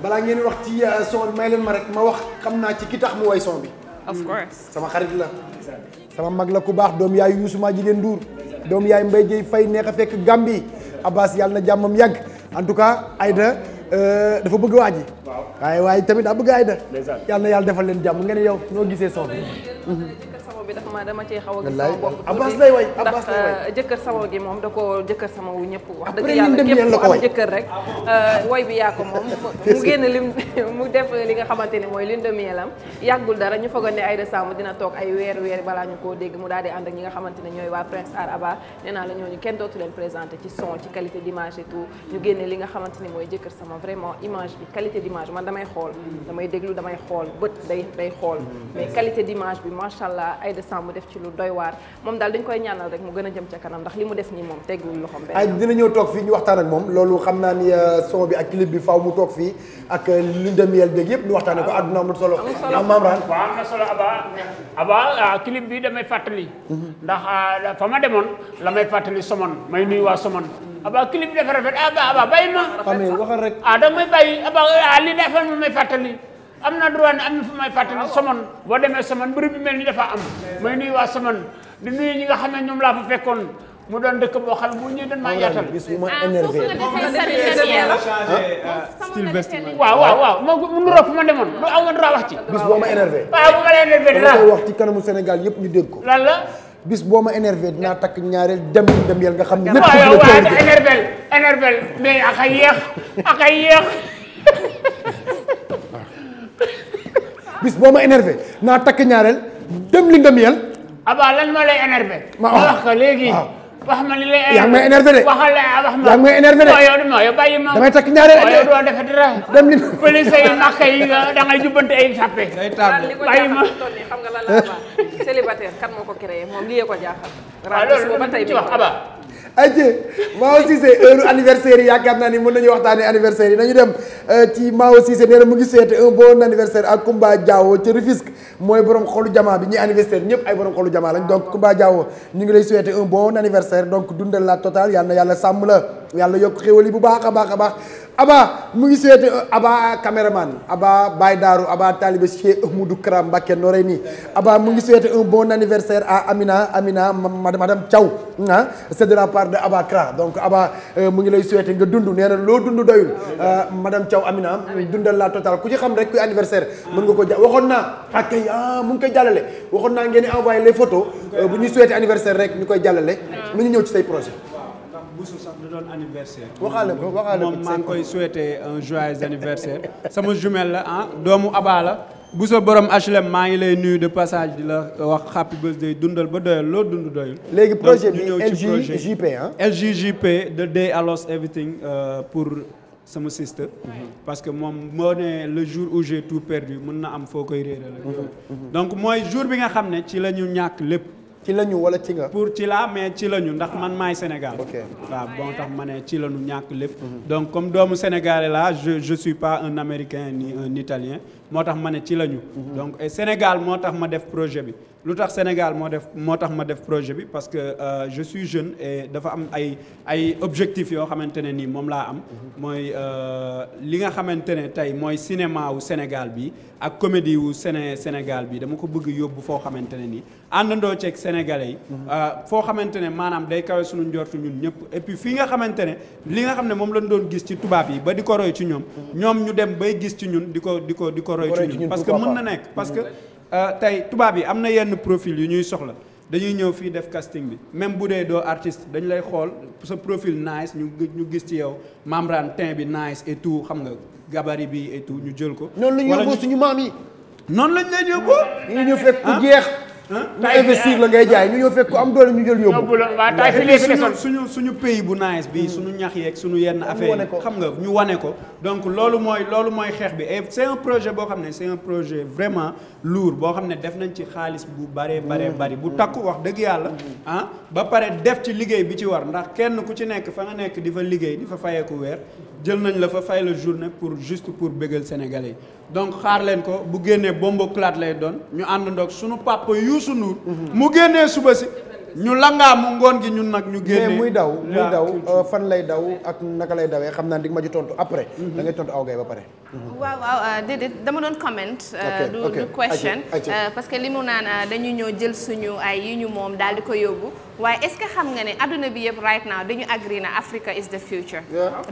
balaa ngeen wax ci son bi may ma ma wax xam naa ci ki tax mu way son bi. of hmm. sama xarit la. sama mag la ku baax doom yaay Youssou maa jigéen Ndour. doom yaay Mbaye Dieye Faye neex a fekk Gambie Abass yàlla na jàmmam yàgg. en tout cas Aïda euh, dafa bëgg waa ji. waaye waaye tamit daa bëgg Aïda. yàlla na yàlla defal leen jàmm nga ne yow noo gisee soxna. bi dafa ma dama ndax euh, jëkkër sama gi moom da ko jëkkër sama wu ñëpp wax dëgg yàlla képp ku am jëkkër rek euh, way bi yaa ko moom mu génn lim mu def li nga xamante ni mooy lune de miel am yàggul dara ñu foogoon ne Aïda Samb dina toog ay weer weer balaa ñu koo dégg mu daal di ànd ak ñi nga xamante ne ñooy waa Prince Art Abba nee naa la kenn dootu leen présenté ci son ci qualité d'image et tout ñu génne li nga xamante ni mooy jëkkër sama vraiment image bi qualité d'image man damay xool damay déglu damay xool bët day day xool mm. mais qualité d'image bi machallah de Samb def ci lu doy waar moom daal dañ koy ñaanal rek mu gën a jëm ca kanam ndax li mu def nii moom teggul loxoom benn ay dina ñëw toog fii ñu waxtaan ak moom loolu xam naa ni euh, bi ak clip bi faaw mu toog euh, de miel beeg yëpp ñu waxtaane ah. solo am maam euh, bi damay fàttali mhm. ndax fa ma demoon la may fàttali somon may nuyu waa somon aba clip bi dafa rafet aba aba bàyyi ma waxal rek ah da bàyyi aba li dafa may fàttali am naa droit am na fu may fàttali Somone boo demee Somone bërëb bi mel ni dafa am may nuyu waa Somone di nuyu ñi nga xam ne ñoom laa fa fekkoon mu doon dëkk boo xam ne bu ñëwee dañ maa yaatal bis bu ma énervé ah, ah, waaw waaw waaw moo mu nuroog ma demoon lu aw wax ci bis boo ma énervé waaw bu ma wax ci kanamu Sénégal yëpp ñu dégg ko lan la bis boo ma énervé dinaa takk ñaareel dem dem yel nga xam ne lépp waaw waaw énervé énervé mais ak ay yéex ak ay yéex bis boo ma énervé naa takk ñaareel dem li ndam yel abaa lan ma lay énervé ma oh. wax ko léegi ah. wax ma li lay yaa ngi may énervé de waxal la ah, wax ma yaa ngi may énervé de yow ma yow bàyyi ma damay takk ñaareel yow doo def dara dem li police yi nàq yi nga da ngay jubbante ay sàppe bàyyi ma xam nga la la ba célibataire kan moo ko créé moom lii ko jaaxal waaw ah, loolu ba tey ci wax abaa ajjee Mao Cissé heure anniversaire yi naa ni mën nañu waxtaanee anniversaire yi nañu dem euh, ci Mao Cissé nee mu ngi souhaité un bon anniversaire ak Kumba Diawo ci Rufisque mooy borom xolu jamaa bi ñuy anniversaire ñëpp ay borom xolu jamaa lañ donc Kumba Diawo ñu ngi lay souhaité un bon anniversaire donc dundal la totale yàlla na yàlla sàmm la yàlla yokk xéwal yi bu baax a baax a baax. Aba mu ngi souhaité Aba caméraman Aba Baye Darou Aba Talibé Cheikh Ahmadou Kara Mbacké Noreyni Aba mu ngi souhaité un bon anniversaire à Amina Amina madame Thiaw ah c'est de la part de Aba Kra donc Aba euh, mu ngi lay souhaité nga dund nee na loo dund doyul euh, madame Thiaw Amina dundal la totale ku ci xam rek kuy anniversaire mën nga ko ja waxoon na ak ah, mu ngi koy jàllale waxoon naa ngeen envoyé les photos euh, bu ñuy souhaité anniversaire rek ñu koy jàllale mu ngi ñëw ci say projet Bousso sax da doon anniversaire. waxaale ko waxaale ko moom maa ngi koy souhaiter un joyeux anniversaire. sama jumelle la ah doomu abaala la. borom HLM maa ngi lay nuyu de passage di la wax happy birthday dundal ba doyal loo dund doyul. léegi projet bi LGJP ah. LGJP the day I lost everything euh, pour. sama sister parce que moom moo ne le jour où j'ai tout perdu mën na am foo koy réeral ak mhm, mhm. donc mooy jour bi nga xam ne ci la ñu ñàkk lépp ci lañu wala ci nga. pour ci la mais ci lañu ndax man maay Sénégal. ok waaw bon tax ma ne ci lañu ñàkk lépp. Mhm. donc comme doomu sénégalais la je je suis pas un américain ni un italien. moo tax ma ne ci lañu mhm. donc et Sénégal moo tax ma def projet bi lu tax Sénégal moo def moo tax ma def projet bi parce que euh, je suis jeune dafa am ay ay objectifs yoo xamante ne nii moom laa am mhm. mooy euh, li nga xamante ne tey mooy cinéma wu Sénégal bi ak comédie wu Séné Sénégal bi dama ko bëgg yóbbu foo xamante ne nii àndandoo ceeg sénégalais yi mhm. euh, foo xamante ne maanaam day kawe suñu njortu ñun ñëpp et puis fii nga xamante ne li nga xam ne moom lañ doon gis ci tubaab yi ba di ko roy ci ñoom ñoom ñu dem bay gis ci ñun di ko di ko di ko roy ci ñun parce que mën na nekk parce que euh, tey tubaab yi am na yenn profil yu ñuy soxla dañuy ñëw fii def casting bi même bu dee doo artist dañ lay xool sa profil nice ñu ñu gis ci yow membrane teint bi nice et xam nga gabarit bi et ñu jël ko. wala noonu la ñu suñu maam yi. noonu lañ leen yóbboo. ñu ñu fekk ku ah? jeex. ñu investir la ngay jaay ñu ñëw fekk ku am doole ñu jël yóbbu suñu suñu pays bu nice bi suñu ñax yeeg suñu yenn affaire yi xam nga ñu wane ko donc loolu mooy loolu mooy xeex bi et c'est un projet boo xam ne c'est un projet vraiment lourd boo xam ne def nañ ci xaalis bu bare bare mm. bari bu takku wax dëgg yàlla ah ba pare def ci liggéey bi ci war ndax kenn ku ci nekk fa nga nekk di fa liggéey di fa fayeeku weer jël nañ la fa fay la journée pour juste pour bégal sénégal yi donc xaar leen ko bu génnee bombo claat lay doon ñu àndandoog suñu papa Youssou Ndour mu génnee suba si ñu langaa mu ngoon gi ñun nag ñu génnee muy daw muy daw euh, fan lay daw ak naka lay dawee xam naa di nga ma ji tontu après mhm. da ngay tontu aw gay ba pare mhm. waaw waaw euh, dama doon comment euh, du du question parce que li mu naan dañu ñëw jël suñu ay yi ñu moom daal di ko yóbbu waaye est-ce que xam nga ne adduna bi yëpp right now dañu agree na Africa is the future.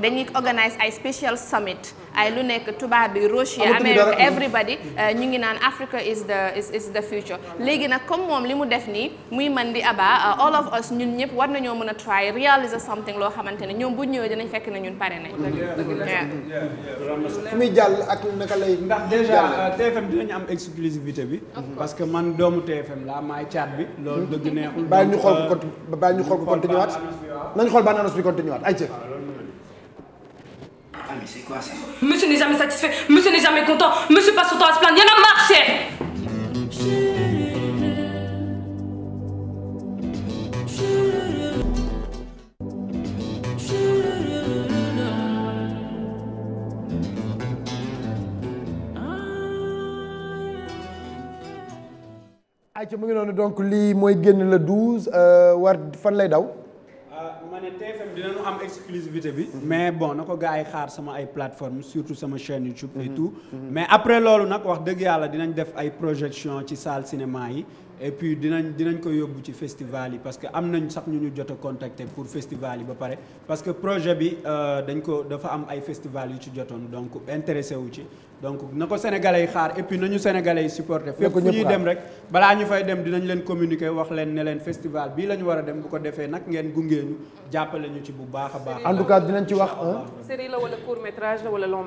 dañuy organise ay special summit. ay lu nekk tubaab bi Russia America everybody eh, ñu ngi naan Africa is the is future. léegi nag comme moom li mu def nii muy man di Aba eh, all of us ñun ñëpp war nañoo mën a try réaliser something loo xamante ne ñoom bu ñëwee dinañ fekk na ñun pare nañ. fu muy jàll ak naka lay. ndax déjà eh, TFM dinañu am exclusivité bi. parce que man doomu TFM laa maay caat ko ba ñu xool ko continué waat nañu xool bande annonce bi continué waat ayca. Ami ah, c'est quoi ça. monsieur n'est jamais satisfait monsieur n'est jamais content monsieur passe son temps à se plaindre y en a marre cher. ayca mu ngi noonu donc lii mooy génn la 12 euh, war fan lay daw. Euh, ma ne TFM dinañu am exclusivité bi. mais bon na ko gars yi xaar sama ay plateformes surtout sama chaîne YouTube. et mhm, tout mhm. mais après loolu nag wax dëgg yàlla dinañ def ay projection ci salle cinéma yi. et puis dinañ dinañ ko yóbbu ci festival yi parce que am nañ sax ñu ñu jot a contacter pour festival yi ba pare parce que projet bi euh, dañ ko dafa am ay festival yu ci jotoon donc intéressé wu ci donc na ko sénégalais yi xaar et puis nañu sénégalais yi supporter fépp fu ñuy dem rek balaa ñu fay dem dinañ leen communiquer wax leen ne leen festival bii la ñu war a dem bu ko defee nag ngeen gungee ñu jàppale ñu ci bu baax a baax en tout cas dinañ ci wax un série la wala court métrage la wala long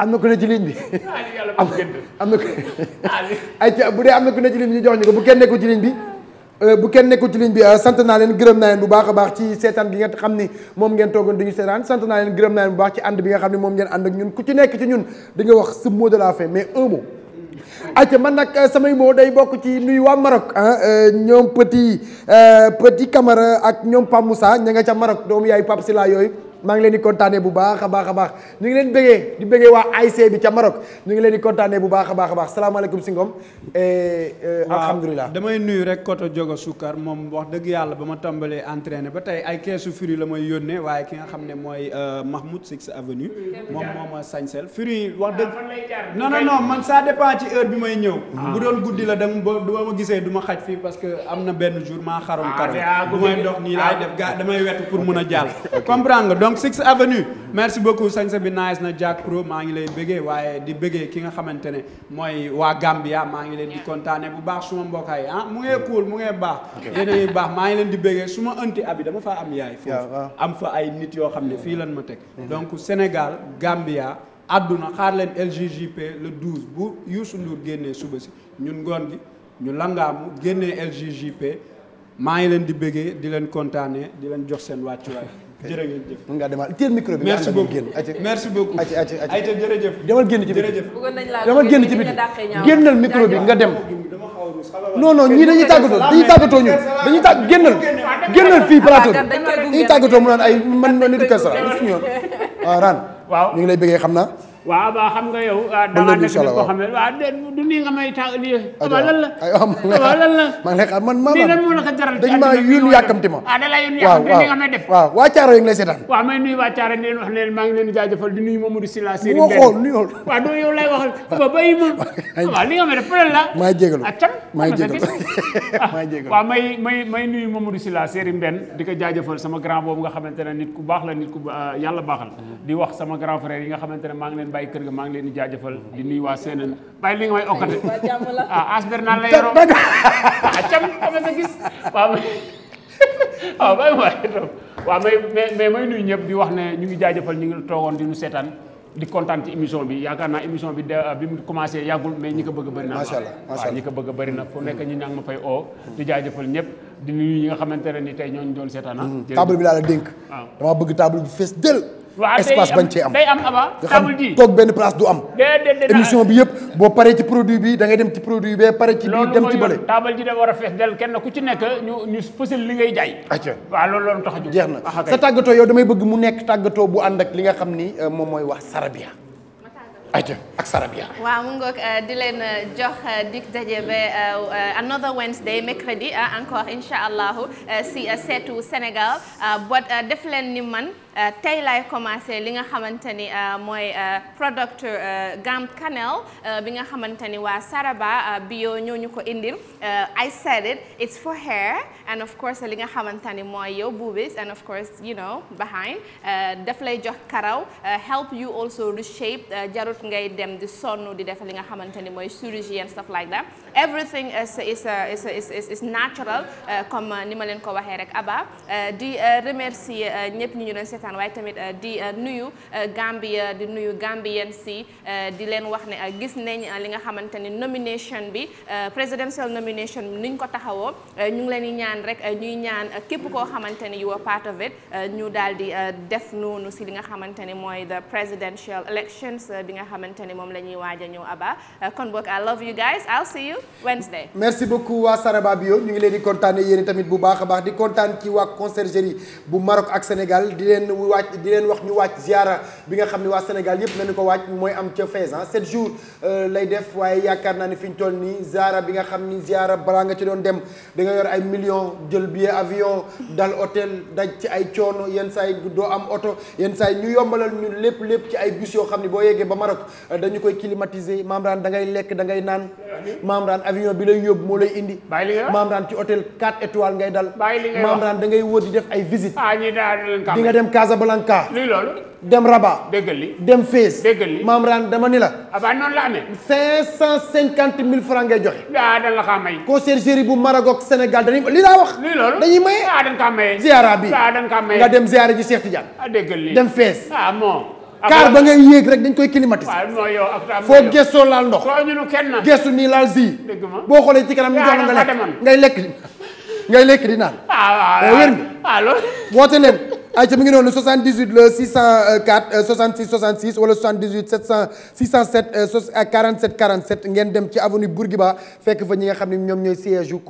am na ku ne ci ligne bi. am am na ku ay bu dee am na ku ne ci ligne bi ñu jox ñu ko bu kenn nekkul ci ligne bi. Euh, bu kenn ci ligne bi euh, sant naa leen gërëm naa leen bu baax a baax ci seetaan gi nga xam ni moom ngeen toogoon di ñu seetaan sant naa leen gërëm naa leen bu baax ci ànd bi nga xam ne moom ngeen ànd ak ñun ku ci nekk ci ñun di nga wax ce mot de fin mais un mot. ayca man nag euh, samay moo day bokk ci nuyu waa Maroc ah, ñoom petit petit Camara ak ñoom Pape Moussa ña nga ca Maroc doomu yaay Pape Sila yooyu. maa ngi leen di kontaanee bu baax a baax a baax ñu ngi leen bëggee di bëggee waa AIC bi ca Maroc ñu leen di kontaanee bu baax a baax a baax salaamaaleykum si ngoom. Euh, alhamdulilah damay nuyu rek Koto Jogo Sukar moom wax dëgg yàlla ba ma tàmbalee entraîné ba tey ay keesu fruits la may yónnee waaye ki nga xam ne mooy euh, Mahmoud Six Avenue. moom moo ma sañsel fruits wax dëgg. Ah, non non man ça dépend ci heure bi may ñëw. Ah. bu doon guddi la dama ba ma gisee du ma xaj fii parce que am na benn jour maa xaroon ah, karoon. bu may dox nii laay def gaa damay wetu pour mun a jàll donc Six Avenue merci beaucoup sañse bi nice na Jack Pro maa ngi lay bëggee waaye di bëggee ki nga xamante ne mooy waa Gambia maa ngi leen di kontaane bu baax suma mbokk yi ah mu ngee cool mu ngee baax yéen a baax maa ngi leen di bëggee su ma ënti abi dama faa am yaay foofu am fa ay nit yoo xam ne fii lan ma teg mhm. donc Sénégal Gambia àdduna xaar leen LGJP le bu Youssou Ndour génnee suba si ñun ngoon gi ñu langaamu génnee LGJP maa ngi leen di bëggee di leen kontaane di leen jox seen wàccuwaay jërë ngeen jëf mën ngaa demal téel micro bi. merci beaucoup merci beaucoup ayca ayca ayca ayca jërëjëf. demal génn ci biti demal génn ci biti génnal micro bi nga dem. non non ñii dañuy tàggatoo dañuy tàggatoo ñun dañuy tàgg génnal génnal fii plateau bi dañuy tàggatoo mu naan ay man nit kër sara lu suñu yoon ah, waaw ran ñu ngi lay bëggee xam naa waaw ba xam nga yow. da ah, nga nekk nit koo xam ne du nii nga may taal lii. aywa lan la aywa lan la. maa ngi lay moo la jaral. dañ maa yónni yàkkamti ma ah da lay yónni yàkkamti nii nga may def. waaw waa Caaro yi ngi lay seetaan. waaw may nuyu waa Caaro yi leen wax ne maa jaajëfal di nuyu Mamadou Sylla Serigne Mbengue waxoon nuyoo. waaw doo yow lay waxal ma. waaw li nga may def problème ah, ko jaajëfal sama grand boobu nga xamante ne nit ku baax la nit ku yàlla baaxal mm-hmm. di wax sama grand frère yi nga xamante ne maa ngi leen leen bàyyi kër ga maa ngi leen di jaajëfal di nuyu waa seenan bàyyi li nga may okkate asber naa la ah, yoroo ah, cam xama sa gis waaw waaw bàyyi ma waaw may may nuyu ñëpp di wax ne ñu ngi jaajëfal ñu ngi toogoon di ñu seetaan di kontaan ci émission bi yaakaar naa émission bi euh, bi mu commencé yàggul mais ñi ko bëgg a bëri na macha allah waaw ñi ko bëgg a bëri na fu mm. ñëpp di nuyu ñi nga xamante ne ni tey ñooñu doon seetaan ah. mm. table bi laa dénk dama bëgg table bi fees del espace bañ cee am day am aba nga xam toog benn place du am émission bi yëpp boo paree ci produit bi da ngay dem ci produit bee pare ci dem ci bële taabal ji da war a fees del kenn ku ci nekk ñu ñu fësal li ngay jaay acca waaw loolu loolu tax a jóg jeex na sa tàggatoo yow damay bëgg mu nekk tàggatoo bu ànd ak li nga xam ni euh, moom mooy wax Sarabia ayca ak Sarabia. waaw mu ngoog euh, di leen euh, jox dig daje ba another Wednesday mercredi encore incha allahu si seetu Sénégal boo def leen ni man. Euh, tey lay commencé li nga xamante ni euh, mooy euh, product gam canal bi nga xamante ni waa Saraba bio ñoo ñu ko indil I said it it's for hair and of course li nga xamante ni mooy yow boobies and of course you know behind daf lay jox karaw help you also reshape jarut ngay dem di sonn di def li nga xamante ni mooy chirurgie and stuff like that everything is is is natural comme ni ma leen ko waxee rek Aba di remercier ñëpp ñu ñu seetaan waaye tamit euh, di euh, nuyu euh, Gambia di nuyu Gambien si di leen wax ne gis nañ li nga xamante ni nomination bi presidential nomination bi ñu ko taxawoo ñu ngi leen di ñaan rek ñuy ñaan képp koo xamante ni you are ñu daal di def noonu si li nga xamante ni mooy the presidential elections bi nga xamante ni moom la ñuy waaj a ñëw kon boog I love you guys I'll see you Wednesday. merci beaucoup waa Saraba Bio ñu ngi leen di kontaanee yéen tamit bu baax a baax di kontaan ci waa conciergerie bu Maroc ak Sénégal di muy wàcc di leen wax ñu wàcc ziara bi nga xam ne waa Sénégal yëpp nañu ko wàcc mooy am ca Fès ah sept euh, lay def waaye yaakaar naa ne fi ñu toll nii ziara bi nga xam ni ziara balaa nga ci doon dem da nga yor ay millions jël billet avion dal hôtel daj ci ay coono yenn saa yi doo am oto yenn saa yi ñu yombalal ñu lépp lépp ci ay bus yoo xam ne boo yeggee ba Maroc euh, dañu koy climatiser maam daan da ngay lekk da ngay naan maam daan avion bi lay yóbbu moo lay indi maam daan ci hôtel 4 nga Casablanca. lii loolu. dem Rabat. déggal li dem Fès. déggal dama ni la. avant noonu la amee. cinq cent cinquante mille francs ngay joxe. ah dañ la kaa may. Sénégal dañuy li laa wax. dañuy maye. ah dañ kaa maye. ziara bi ah dañ kaa maye. nga dem ziara ji Cheikh Tidiane. ah déggal li dem Fès. ah bon. kaar ba ngay yéeg rek dañ koy climatiser. foo gëstoo laal ndox. gëstu nii laal zi. boo xoolee ci kanam ñu jox la nga lekk ngay lekk ngay lekk di naan. ah wér nga. woote ayca mi ngi noonu 78 le 604 66 66 wala 78 700 607 47 47 ngeen dem ci avenue Bourguiba fekk fa ñi nga xam ne ñoom ñooy siège yu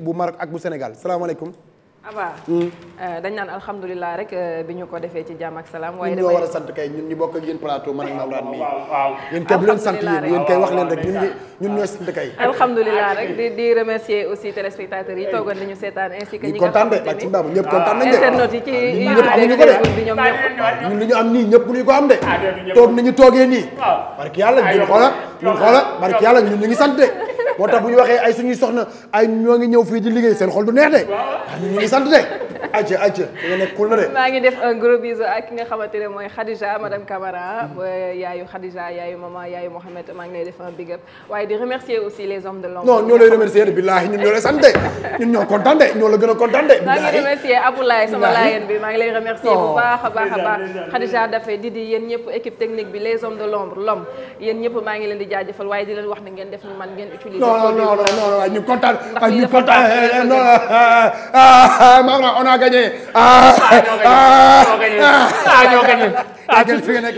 bu Maroc ak bu Sénégal salaamaaleykum. Abba. Hmm. Eh, dañ naan alhamdulilah rek eh, bi ñu ko defee ci jàmm ak salaam. waaye damay ñun ñoo war a sant kay ñun ñu bokk ak yéen plateau man ak Maodo mii. waaw waaw yéen kay bu leen sant yéen yéen kay wax leen rek ñun ñun ñooy sant kay. alhamdulilah rek di di remercier aussi téléspectateurs yi toogoon nañu seetaan ainsi que ñi nga xam ne ñoom ñëpp kontaan nañ de. internautes yi ci ñun ñëpp amuñu ko de ñun li ñu am nii ñëpp ñu ko am de. Ah, toog nañu toogee nii. barki yàlla ñun ah, xoola ñun xoola barki yàlla ñun ñu ngi sant de moo tax bu ñu waxee ay suñuy soxna ay ñoo ngi ñëw fii di liggéey seen xol du neex de ñu ngi sant de acca acca nga nekk cool na de. maa ngi def un gros bisou ak nga xamante yaayu Khadija yaayu maman yaayu Mohamed maa ngi lay def un waaye di remercier aussi les hommes de l'ombre. non ñoo lay a maa ngi lay di di yéen di jaajëfal di wax ngeen def ni man ngeen utiliser. non non non non ñu kontaan. ndax ñu kontaan non non gagné. ah ah ah Ah, yeggal fi nga nekk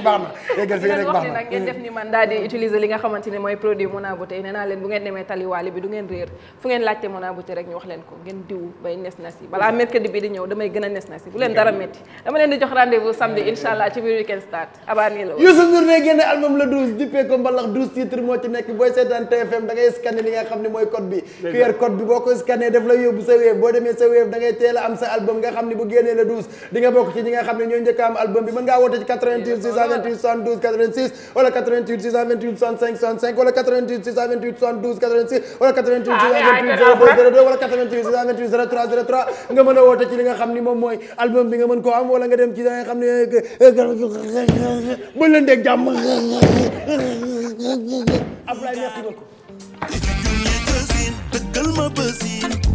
génne album le 12 dippee ko mbalax 12 titres moo ci nekk booy seetaan TFM da ngay scanner li nga xam ne mooy code bi QR code bi boo ko scanner daf la yóbbu sa boo demee sa wéef da am sa album nga xam ne bu génnee le 12 di bokk ci ñi nga xam ne ñoo njëkk am album bi mën ngaa woote ci 88 628 72 86 wala 88 628 65 65 wala 88 628 72 86 wala 88 628 02 02 wala 88 628 03 03 nga mën a woote ci li nga xam ni moom mooy album bi nga mën koo am wala nga dem ci da nga xam ne ba leen dégg jàmm Ablaye merci beaucoup